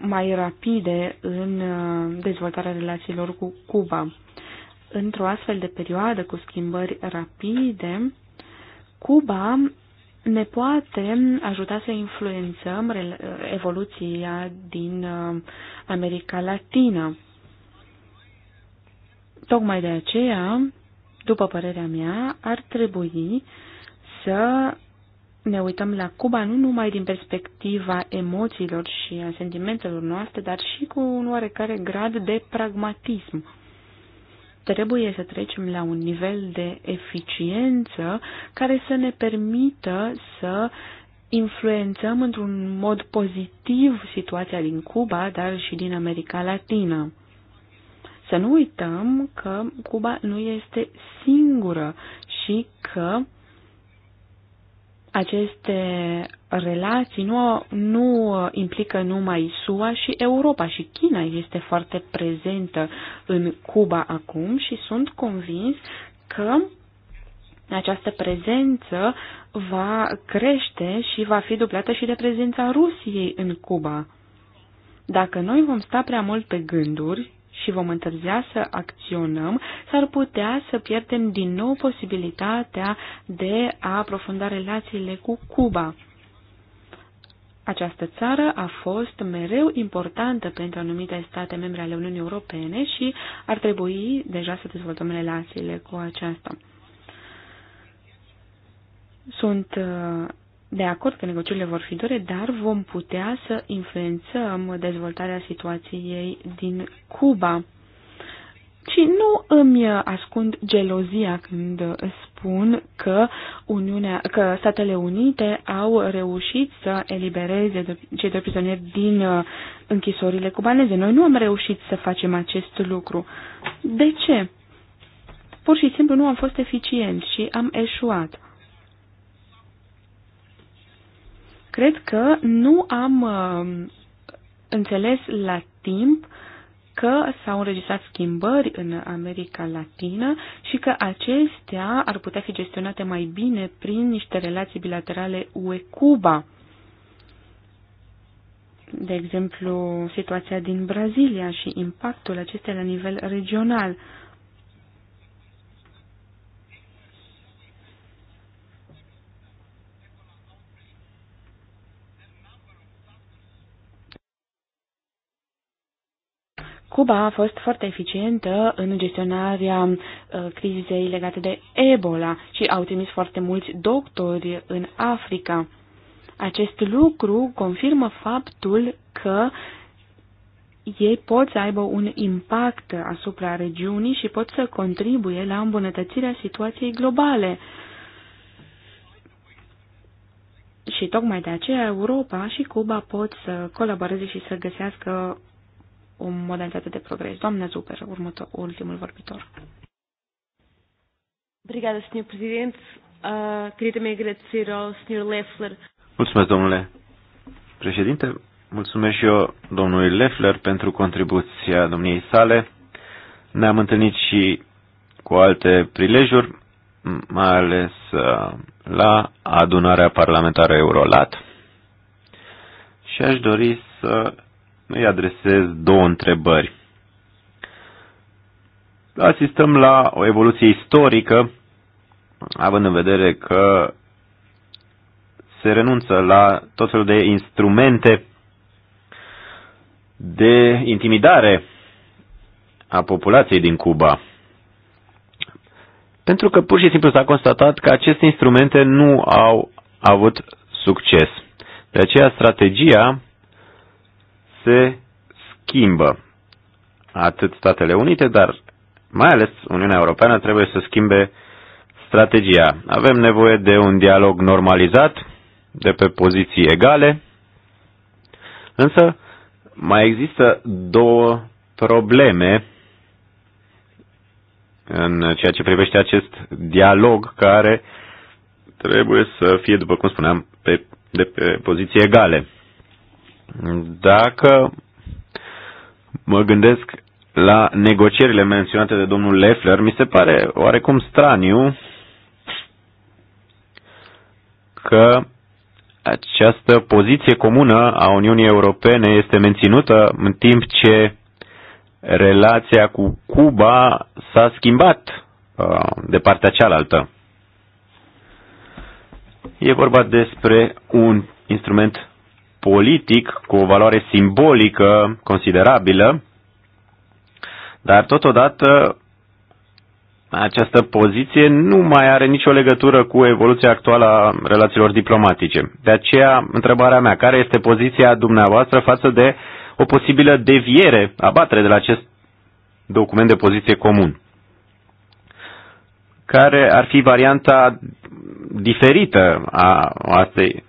mai rapide în uh, dezvoltarea relațiilor cu Cuba. Într-o astfel de perioadă cu schimbări rapide, Cuba ne poate ajuta să influențăm evoluția din uh, America Latină. Tocmai de aceea, după părerea mea, ar trebui să ne uităm la Cuba nu numai din perspectiva emoțiilor și a sentimentelor noastre, dar și cu un oarecare grad de pragmatism trebuie să trecem la un nivel de eficiență care să ne permită să influențăm într-un mod pozitiv situația din Cuba, dar și din America Latină. Să nu uităm că Cuba nu este singură și că aceste relații nu, nu implică numai SUA și Europa și China este foarte prezentă în Cuba acum și sunt convins că această prezență va crește și va fi dublată și de prezența Rusiei în Cuba. Dacă noi vom sta prea mult pe gânduri, și vom întârzia să acționăm, s-ar putea să pierdem din nou posibilitatea de a aprofunda relațiile cu Cuba. Această țară a fost mereu importantă pentru anumite state membre ale Uniunii Europene și ar trebui deja să dezvoltăm relațiile cu aceasta. Sunt uh, de acord că negocierile vor fi dure, dar vom putea să influențăm dezvoltarea situației din Cuba. Și nu îmi ascund gelozia când spun că, Uniunea, că Statele Unite au reușit să elibereze cei doi prizonieri din uh, închisorile cubaneze. Noi nu am reușit să facem acest lucru. De ce? Pur și simplu nu am fost eficienți și am eșuat. Cred că nu am um, înțeles la timp că s-au înregistrat schimbări în America Latină și că acestea ar putea fi gestionate mai bine prin niște relații bilaterale UE-Cuba. De exemplu, situația din Brazilia și impactul acestea la nivel regional. Uh, Cuba a fost foarte eficientă în gestionarea uh, crizei legate de Ebola și au trimis foarte mulți doctori în Africa. Acest lucru confirmă faptul că ei pot să aibă un impact asupra regiunii și pot să contribuie la îmbunătățirea situației globale. Și tocmai de aceea Europa și Cuba pot să colaboreze și să găsească o modalitate de progres. Doamne Zuper, următor, ultimul vorbitor. Obrigada, senhor Presidente. Uh, queria também agradecer ao senhor Leffler. Mulțumesc, domnule președinte. Mulțumesc și eu domnului Leffler pentru contribuția domniei sale. Ne-am întâlnit și cu alte prilejuri, mai ales ah, la adunarea parlamentară Eurolat. Și aș dori să îi adresez două întrebări. Asistăm la o evoluție istorică, având în vedere că se renunță la tot felul de instrumente de intimidare a populației din Cuba. Pentru că pur și simplu s-a constatat că aceste instrumente nu au avut succes. De aceea strategia se schimbă. Atât Statele Unite, dar mai ales Uniunea Europeană trebuie să schimbe strategia. Avem nevoie de un dialog normalizat, de pe poziții egale, însă mai există două probleme în ceea ce privește acest dialog care trebuie să fie, după cum spuneam, pe, de pe poziții egale. Dacă mă gândesc la negocierile menționate de domnul Leffler, mi se pare oarecum straniu că această poziție comună a Uniunii Europene este menținută în timp ce relația cu Cuba s-a schimbat uh, de partea cealaltă. E vorba despre un instrument politic cu o valoare simbolică considerabilă, dar totodată această poziție nu mai are nicio legătură cu evoluția actuală a relațiilor diplomatice. De aceea, întrebarea mea, care este poziția dumneavoastră față de o posibilă deviere, abatere de la acest document de poziție comun? Care ar fi varianta diferită a, astei,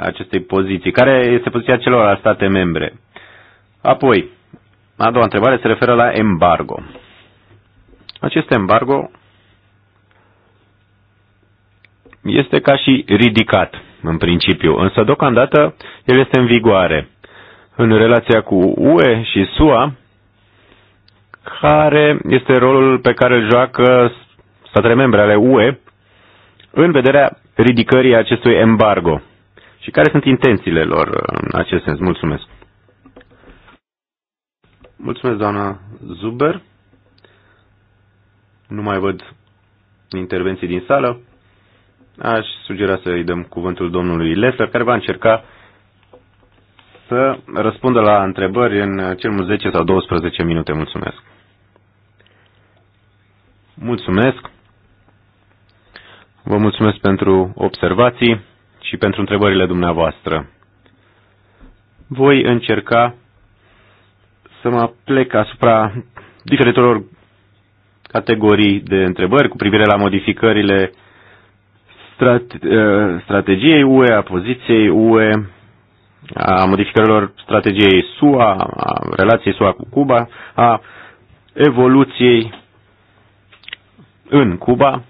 acestei poziții? Care este poziția celor state membre? Apoi, a doua întrebare se referă la embargo. Acest embargo este ca și ridicat, în principiu, însă deocamdată el este în vigoare în relația cu UE și SUA, care este rolul pe care îl joacă statele membre ale UE în vederea ridicării acestui embargo și care sunt intențiile lor în acest sens. Mulțumesc. Mulțumesc, doamna Zuber. Nu mai văd intervenții din sală. Aș sugera să îi dăm cuvântul domnului Leffler, care va încerca să răspundă la întrebări în cel mult 10 sau 12 minute. Mulțumesc. Mulțumesc. Vă mulțumesc pentru observații și pentru întrebările dumneavoastră. Voi încerca să mă plec asupra diferitelor categorii de întrebări cu privire la modificările strate, uh, strategiei UE, a poziției UE, a modificărilor strategiei SUA, a relației SUA cu Cuba, a evoluției în Cuba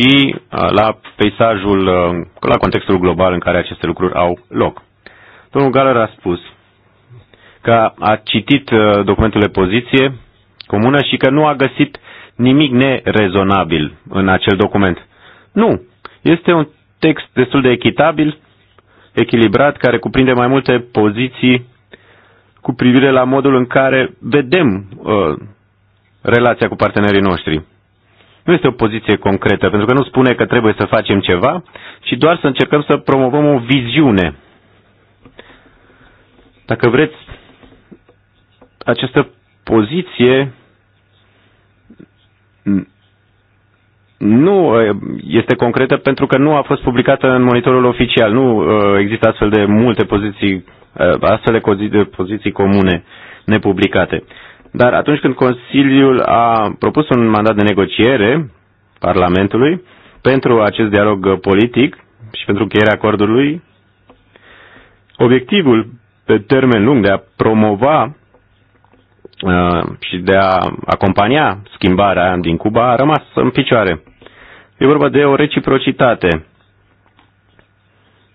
și uh, la peisajul, uh, la contextul global în care aceste lucruri au loc. Domnul Galer a spus că a citit uh, documentul de poziție comună și că nu a găsit nimic nerezonabil în acel document. Nu. Este un text destul de echitabil, echilibrat, care cuprinde mai multe poziții cu privire la modul în care vedem uh, relația cu partenerii noștri. Nu este o poziție concretă, pentru că nu spune că trebuie să facem ceva, ci doar să încercăm să promovăm o viziune. Dacă vreți, această poziție nu uh, este concretă pentru că nu a fost publicată în monitorul oficial. Nu uh, există astfel de multe poziții, uh, astfel de poziții comune nepublicate. Dar atunci când Consiliul a propus un mandat de negociere Parlamentului pentru acest dialog politic și pentru încheierea acordului, obiectivul pe termen lung de a promova uh, și de a acompania schimbarea din Cuba a rămas în picioare. E vorba de o reciprocitate.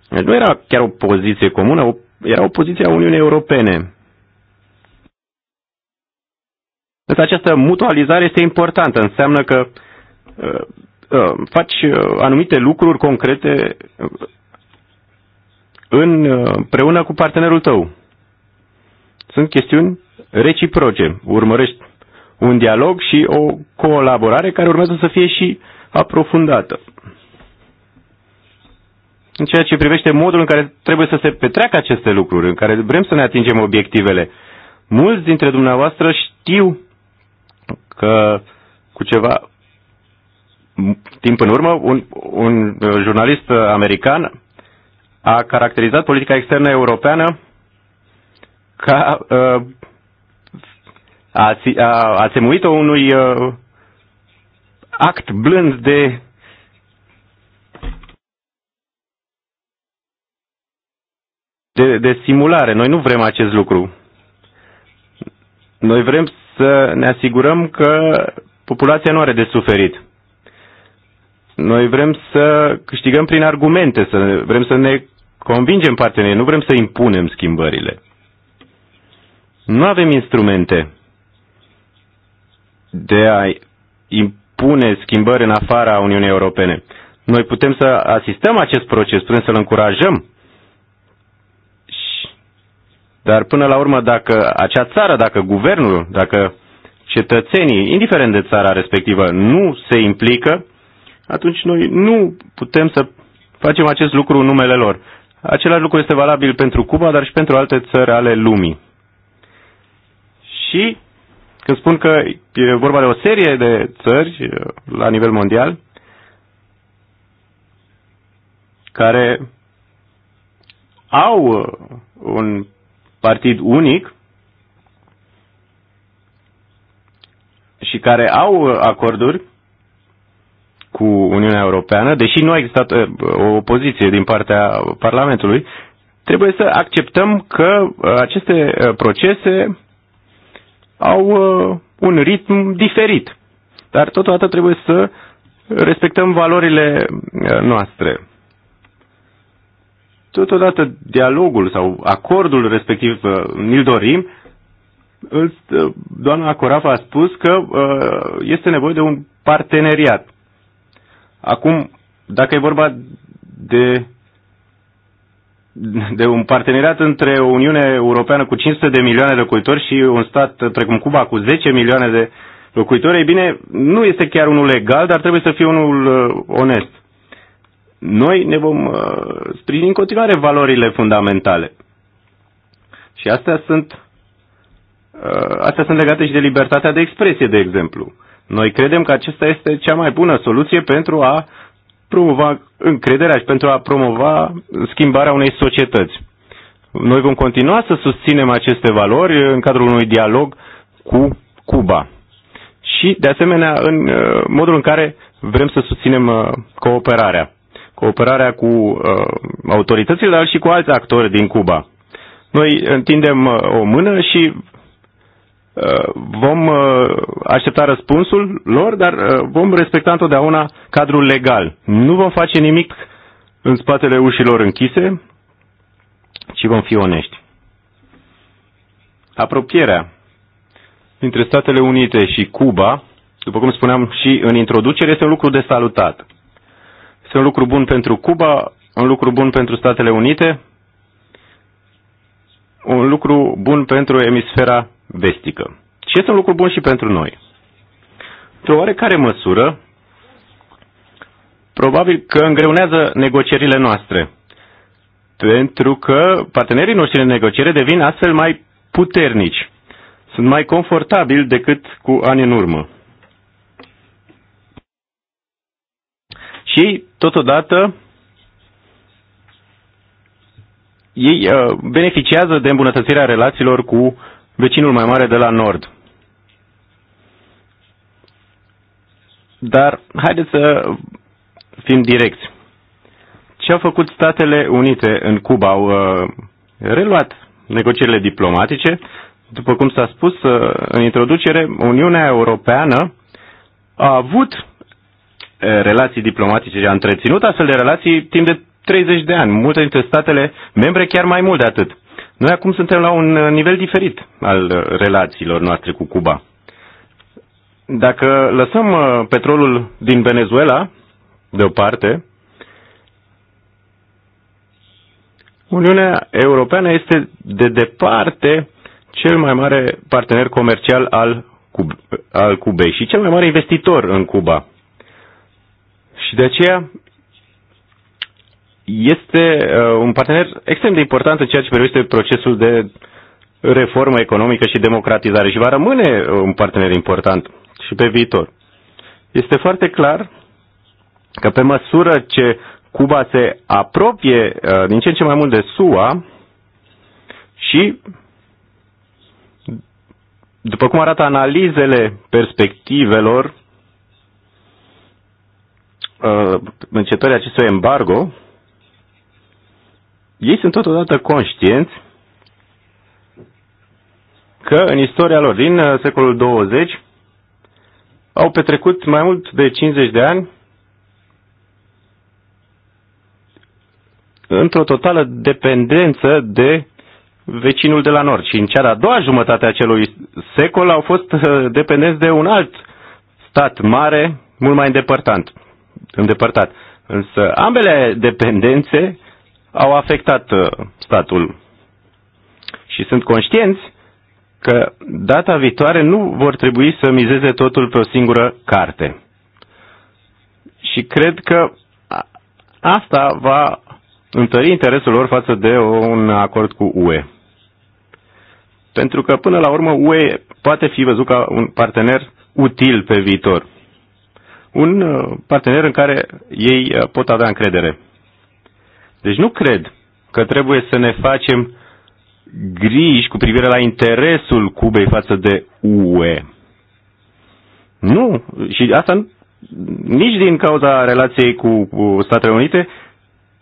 Deci nu era chiar o poziție comună, era o poziție a Uniunii Europene. Însă această mutualizare este importantă. Înseamnă că uh, uh, faci uh, anumite lucruri concrete uh, în, uh, împreună cu partenerul tău. Sunt chestiuni reciproce. Urmărești un dialog și o colaborare care urmează să fie și aprofundată. În ceea ce privește modul în care trebuie să se petreacă aceste lucruri, în care vrem să ne atingem obiectivele, mulți dintre dumneavoastră știu că cu ceva timp în urmă, un, un uh, jurnalist uh, american a caracterizat politica externă europeană ca uh, a, a, a țemuit-o unui act blând de de, de simulare. Noi nu vrem acest lucru. Noi vrem să ne asigurăm că populația nu are de suferit. Noi vrem să câștigăm prin argumente, să vrem să ne convingem partenerii, nu vrem să impunem schimbările. Nu avem instrumente de a impune schimbări în afara Uniunii Europene. Noi putem să asistăm acest proces, putem să-l încurajăm, dar până la urmă, dacă acea țară, dacă guvernul, dacă cetățenii, indiferent de țara respectivă, nu se implică, atunci noi nu putem să facem acest lucru în numele lor. Același lucru este valabil pentru Cuba, dar și pentru alte țări ale lumii. Și când spun că e vorba de o serie de țări la nivel mondial care au uh, un partid unic și care au acorduri cu Uniunea Europeană, deși nu a existat uh, o opoziție din partea Parlamentului, trebuie să acceptăm că uh, aceste uh, procese au un ritm diferit. Dar totodată trebuie să respectăm valorile noastre totodată dialogul sau acordul respectiv uh, îl dorim, uh, doamna Corafa a spus că uh, este nevoie de un parteneriat. Acum, dacă e vorba de de un parteneriat între o Uniune Europeană cu 500 de milioane de locuitori și un stat precum Cuba cu 10 milioane de locuitori, e bine, nu este chiar unul legal, dar trebuie să fie unul onest noi ne vom uh, sprijini în continuare valorile fundamentale. Și astea sunt, uh, astea sunt legate și de libertatea de expresie, de exemplu. Noi credem că acesta este cea mai bună soluție pentru a promova încrederea și pentru a promova schimbarea unei societăți. Noi vom continua să susținem aceste valori în cadrul unui dialog cu Cuba. Și, de asemenea, în uh, modul în care vrem să susținem cooperarea cooperarea cu uh, autoritățile, dar și cu alți actori din Cuba. Noi întindem uh, o mână și uh, vom uh, aștepta răspunsul lor, dar uh, vom respecta întotdeauna cadrul legal. Nu vom face nimic în spatele ușilor închise, ci vom fi onești. Apropierea dintre Statele Unite și Cuba, după cum spuneam și în introducere, este un lucru de salutat. Este un lucru bun pentru Cuba, un lucru bun pentru Statele Unite, un lucru bun pentru emisfera vestică. Și este un lucru bun și pentru noi. Într-o oarecare măsură, probabil că îngreunează negocierile noastre. Pentru că partenerii noștri de negociere devin astfel mai puternici. Sunt mai confortabili decât cu ani în urmă. Și Totodată, ei uh, beneficiază de îmbunătățirea relațiilor cu vecinul mai mare de la nord. Dar haideți să fim direcți. Ce au făcut Statele Unite în Cuba? Au uh, reluat negocierile diplomatice. După cum s-a spus uh, în introducere, Uniunea Europeană a avut Eh, relații diplomatice și a întreținut astfel de relații timp de 30 de ani, multe dintre statele membre chiar mai mult de atât. Noi acum suntem la un eh, nivel diferit al eh, relațiilor noastre cu Cuba. Dacă lăsăm petrolul din Venezuela deoparte, Uniunea Europeană este de departe cel mai mare partener comercial al, Cub- al Cubei și cel mai mare investitor în Cuba. Și de aceea este uh, un partener extrem de important în ceea ce privește procesul de reformă economică și democratizare și va rămâne uh, un partener important și pe viitor. Este foarte clar că pe măsură ce Cuba se apropie uh, din ce în ce mai mult de SUA și după cum arată analizele perspectivelor Uh, încetării acestui embargo, ei sunt totodată conștienți că în istoria lor din uh, secolul 20 au petrecut mai mult de 50 de ani într-o totală dependență de vecinul de la nord. Și în cea de-a doua jumătate a acelui secol au fost uh, dependenți de un alt stat mare, mult mai îndepărtant îndepărtat. Însă ambele dependențe au afectat uh, statul și sunt conștienți că data viitoare nu vor trebui să mizeze totul pe o singură carte. Și cred că asta va întări interesul lor față de un acord cu UE. Pentru că, până la urmă, UE poate fi văzut ca un partener util pe viitor un uh, partener în care ei uh, pot avea încredere. Deci nu cred că trebuie să ne facem griji cu privire la interesul Cubei față de UE. Nu, și asta nici din cauza relației cu, Statele Unite,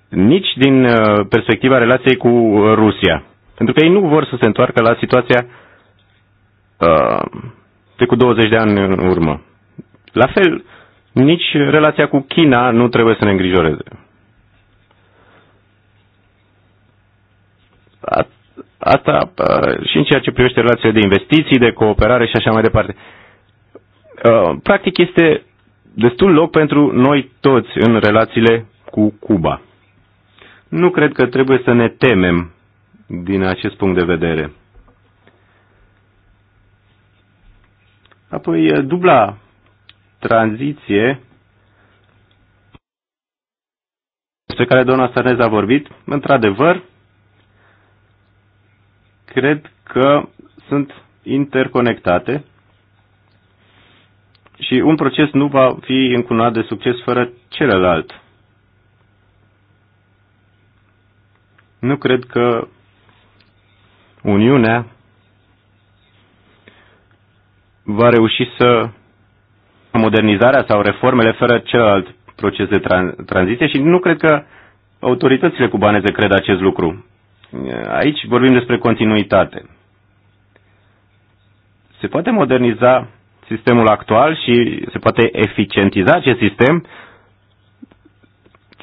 nici din uh, perspectiva relației cu Rusia. Pentru că ei nu vor să se întoarcă la situația uh, de cu 20 de ani în urmă. La fel, nici relația cu China nu trebuie să ne îngrijoreze. Asta și în ceea ce privește relațiile de investiții, de cooperare și așa mai departe. Practic este destul loc pentru noi toți în relațiile cu Cuba. Nu cred că trebuie să ne temem din acest punct de vedere. Apoi, dubla tranziție despre care doamna Sarnez a vorbit, într-adevăr, cred că sunt interconectate și un proces nu va fi încunat de succes fără celălalt. Nu cred că Uniunea va reuși să modernizarea sau reformele fără celălalt proces de tran- tranziție și nu cred că autoritățile cubaneze cred acest lucru. Aici vorbim despre continuitate. Se poate moderniza sistemul actual și se poate eficientiza acest sistem,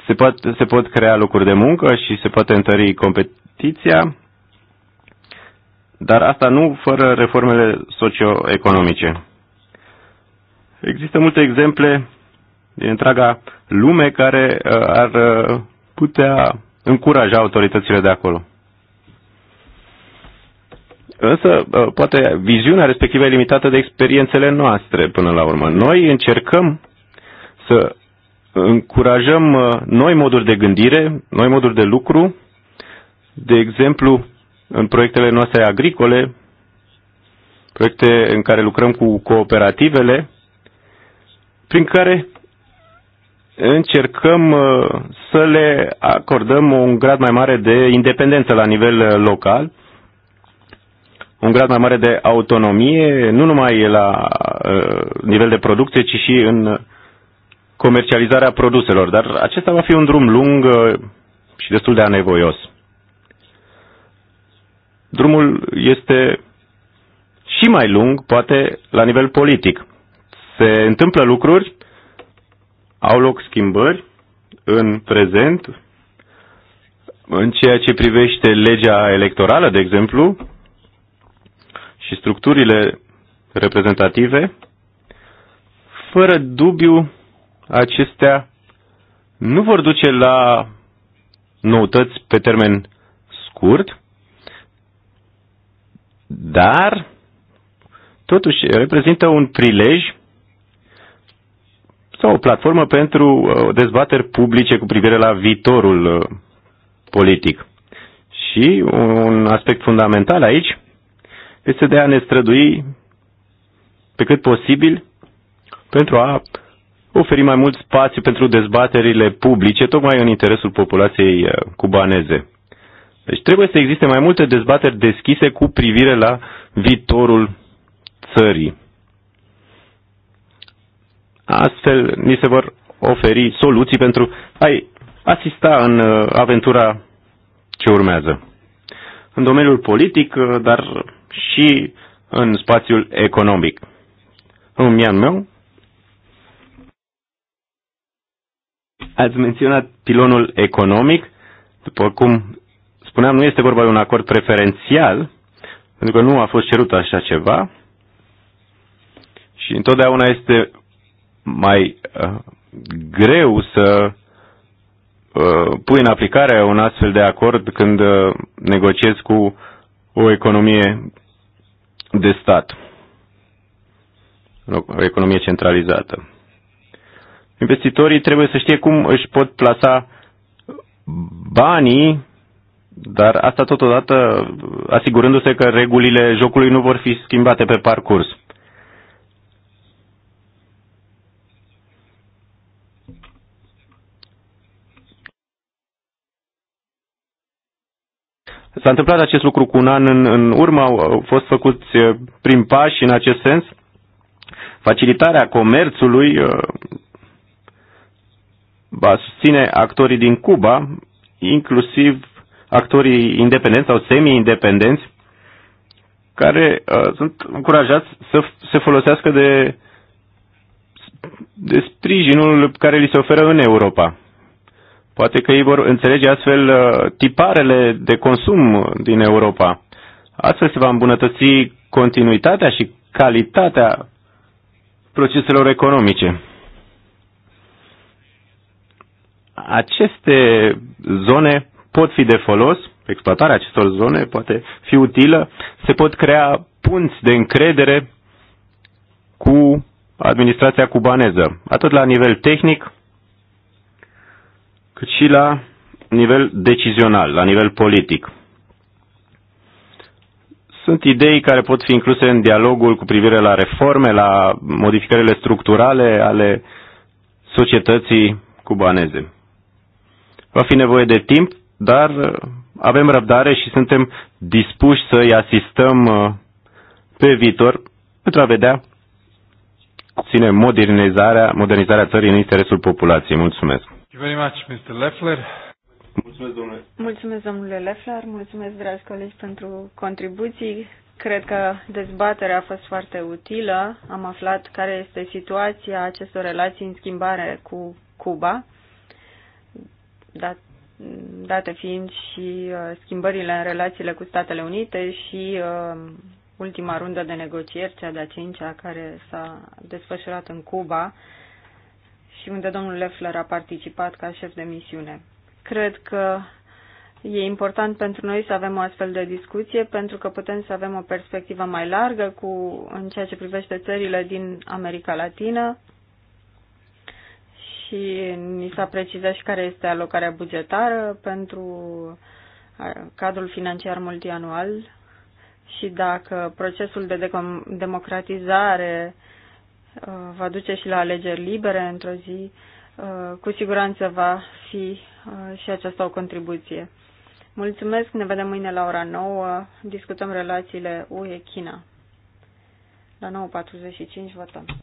se, pot, se pot crea locuri de muncă și se poate întări competiția, dar asta nu fără reformele socioeconomice. Există multe exemple din întreaga lume care uh, ar uh, putea încuraja autoritățile de acolo. Însă, uh, poate viziunea respectivă e limitată de experiențele noastre până la urmă. Noi încercăm să încurajăm noi moduri de gândire, noi moduri de lucru, de exemplu, în proiectele noastre agricole, proiecte în care lucrăm cu cooperativele, prin care încercăm uh, să le acordăm un grad mai mare de independență la nivel uh, local, un grad mai mare de autonomie, nu numai la uh, nivel de producție, ci și în comercializarea produselor. Dar acesta va fi un drum lung și destul de anevoios. Drumul este și mai lung, poate, la nivel politic se întâmplă lucruri, au loc schimbări în prezent, în ceea ce privește legea electorală, de exemplu, și structurile reprezentative, fără dubiu acestea nu vor duce la noutăți pe termen scurt, dar totuși reprezintă un prilej sau o platformă pentru uh, dezbateri publice cu privire la viitorul uh, politic. Și un aspect fundamental aici este de a ne strădui pe cât posibil pentru a oferi mai mult spațiu pentru dezbaterile publice, tocmai în interesul populației uh, cubaneze. Deci trebuie să existe mai multe dezbateri deschise cu privire la viitorul țării. Astfel ni se vor oferi soluții pentru a-i asista în uh, aventura ce urmează. În domeniul politic, uh, dar și în spațiul economic. În mian meu, ați menționat pilonul economic. După cum spuneam, nu este vorba de un acord preferențial, pentru că nu a fost cerut așa ceva. Și întotdeauna este mai uh, greu să uh, pui în aplicare un astfel de acord când uh, negociezi cu o economie de stat, o economie centralizată. Investitorii trebuie să știe cum își pot plasa banii, dar asta totodată asigurându-se că regulile jocului nu vor fi schimbate pe parcurs. S-a întâmplat acest lucru cu un an în, în urmă, au fost făcuți eh, prin pași în acest sens. Facilitarea comerțului eh, va susține actorii din Cuba, inclusiv actorii independenți sau semi-independenți, care uh, sunt încurajați să se folosească de, de sprijinul care li se oferă în Europa. Poate că ei vor înțelege astfel uh, tiparele de consum din Europa. Astfel se va îmbunătăți continuitatea și calitatea proceselor economice. Aceste zone pot fi de folos, exploatarea acestor zone poate fi utilă, se pot crea punți de încredere cu administrația cubaneză, atât la nivel tehnic, cât și la nivel decizional, la nivel politic. Sunt idei care pot fi incluse în dialogul cu privire la reforme, la modificările structurale ale societății cubaneze. Va fi nevoie de timp, dar uh, avem răbdare și suntem dispuși să îi asistăm uh, pe viitor pentru a vedea ține modernizarea, modernizarea țării în interesul populației. Mulțumesc! very much, Mr. Leffler. Mulțumesc, domnule. Mulțumesc, domnule Leffler. Mulțumesc, dragi colegi, pentru contribuții. Cred că dezbaterea a fost foarte utilă. Am aflat care este situația acestor relații în schimbare cu Cuba, dat, date fiind și uh, schimbările în relațiile cu Statele Unite și uh, ultima rundă de negocieri, cea de-a cincea, care s-a desfășurat în Cuba, uh, și unde domnul Leffler a participat ca șef de misiune. Cred că e important pentru noi să avem o astfel de discuție pentru că putem să avem o perspectivă mai largă cu, în ceea ce privește țările din America Latină și ni s-a precizat și care este alocarea bugetară pentru cadrul financiar multianual și dacă procesul de democratizare Uh, va duce și la alegeri libere într-o zi, uh, cu siguranță va fi uh, și aceasta o contribuție. Mulțumesc, ne vedem mâine la ora 9, discutăm relațiile UE-China. La 9.45 votăm.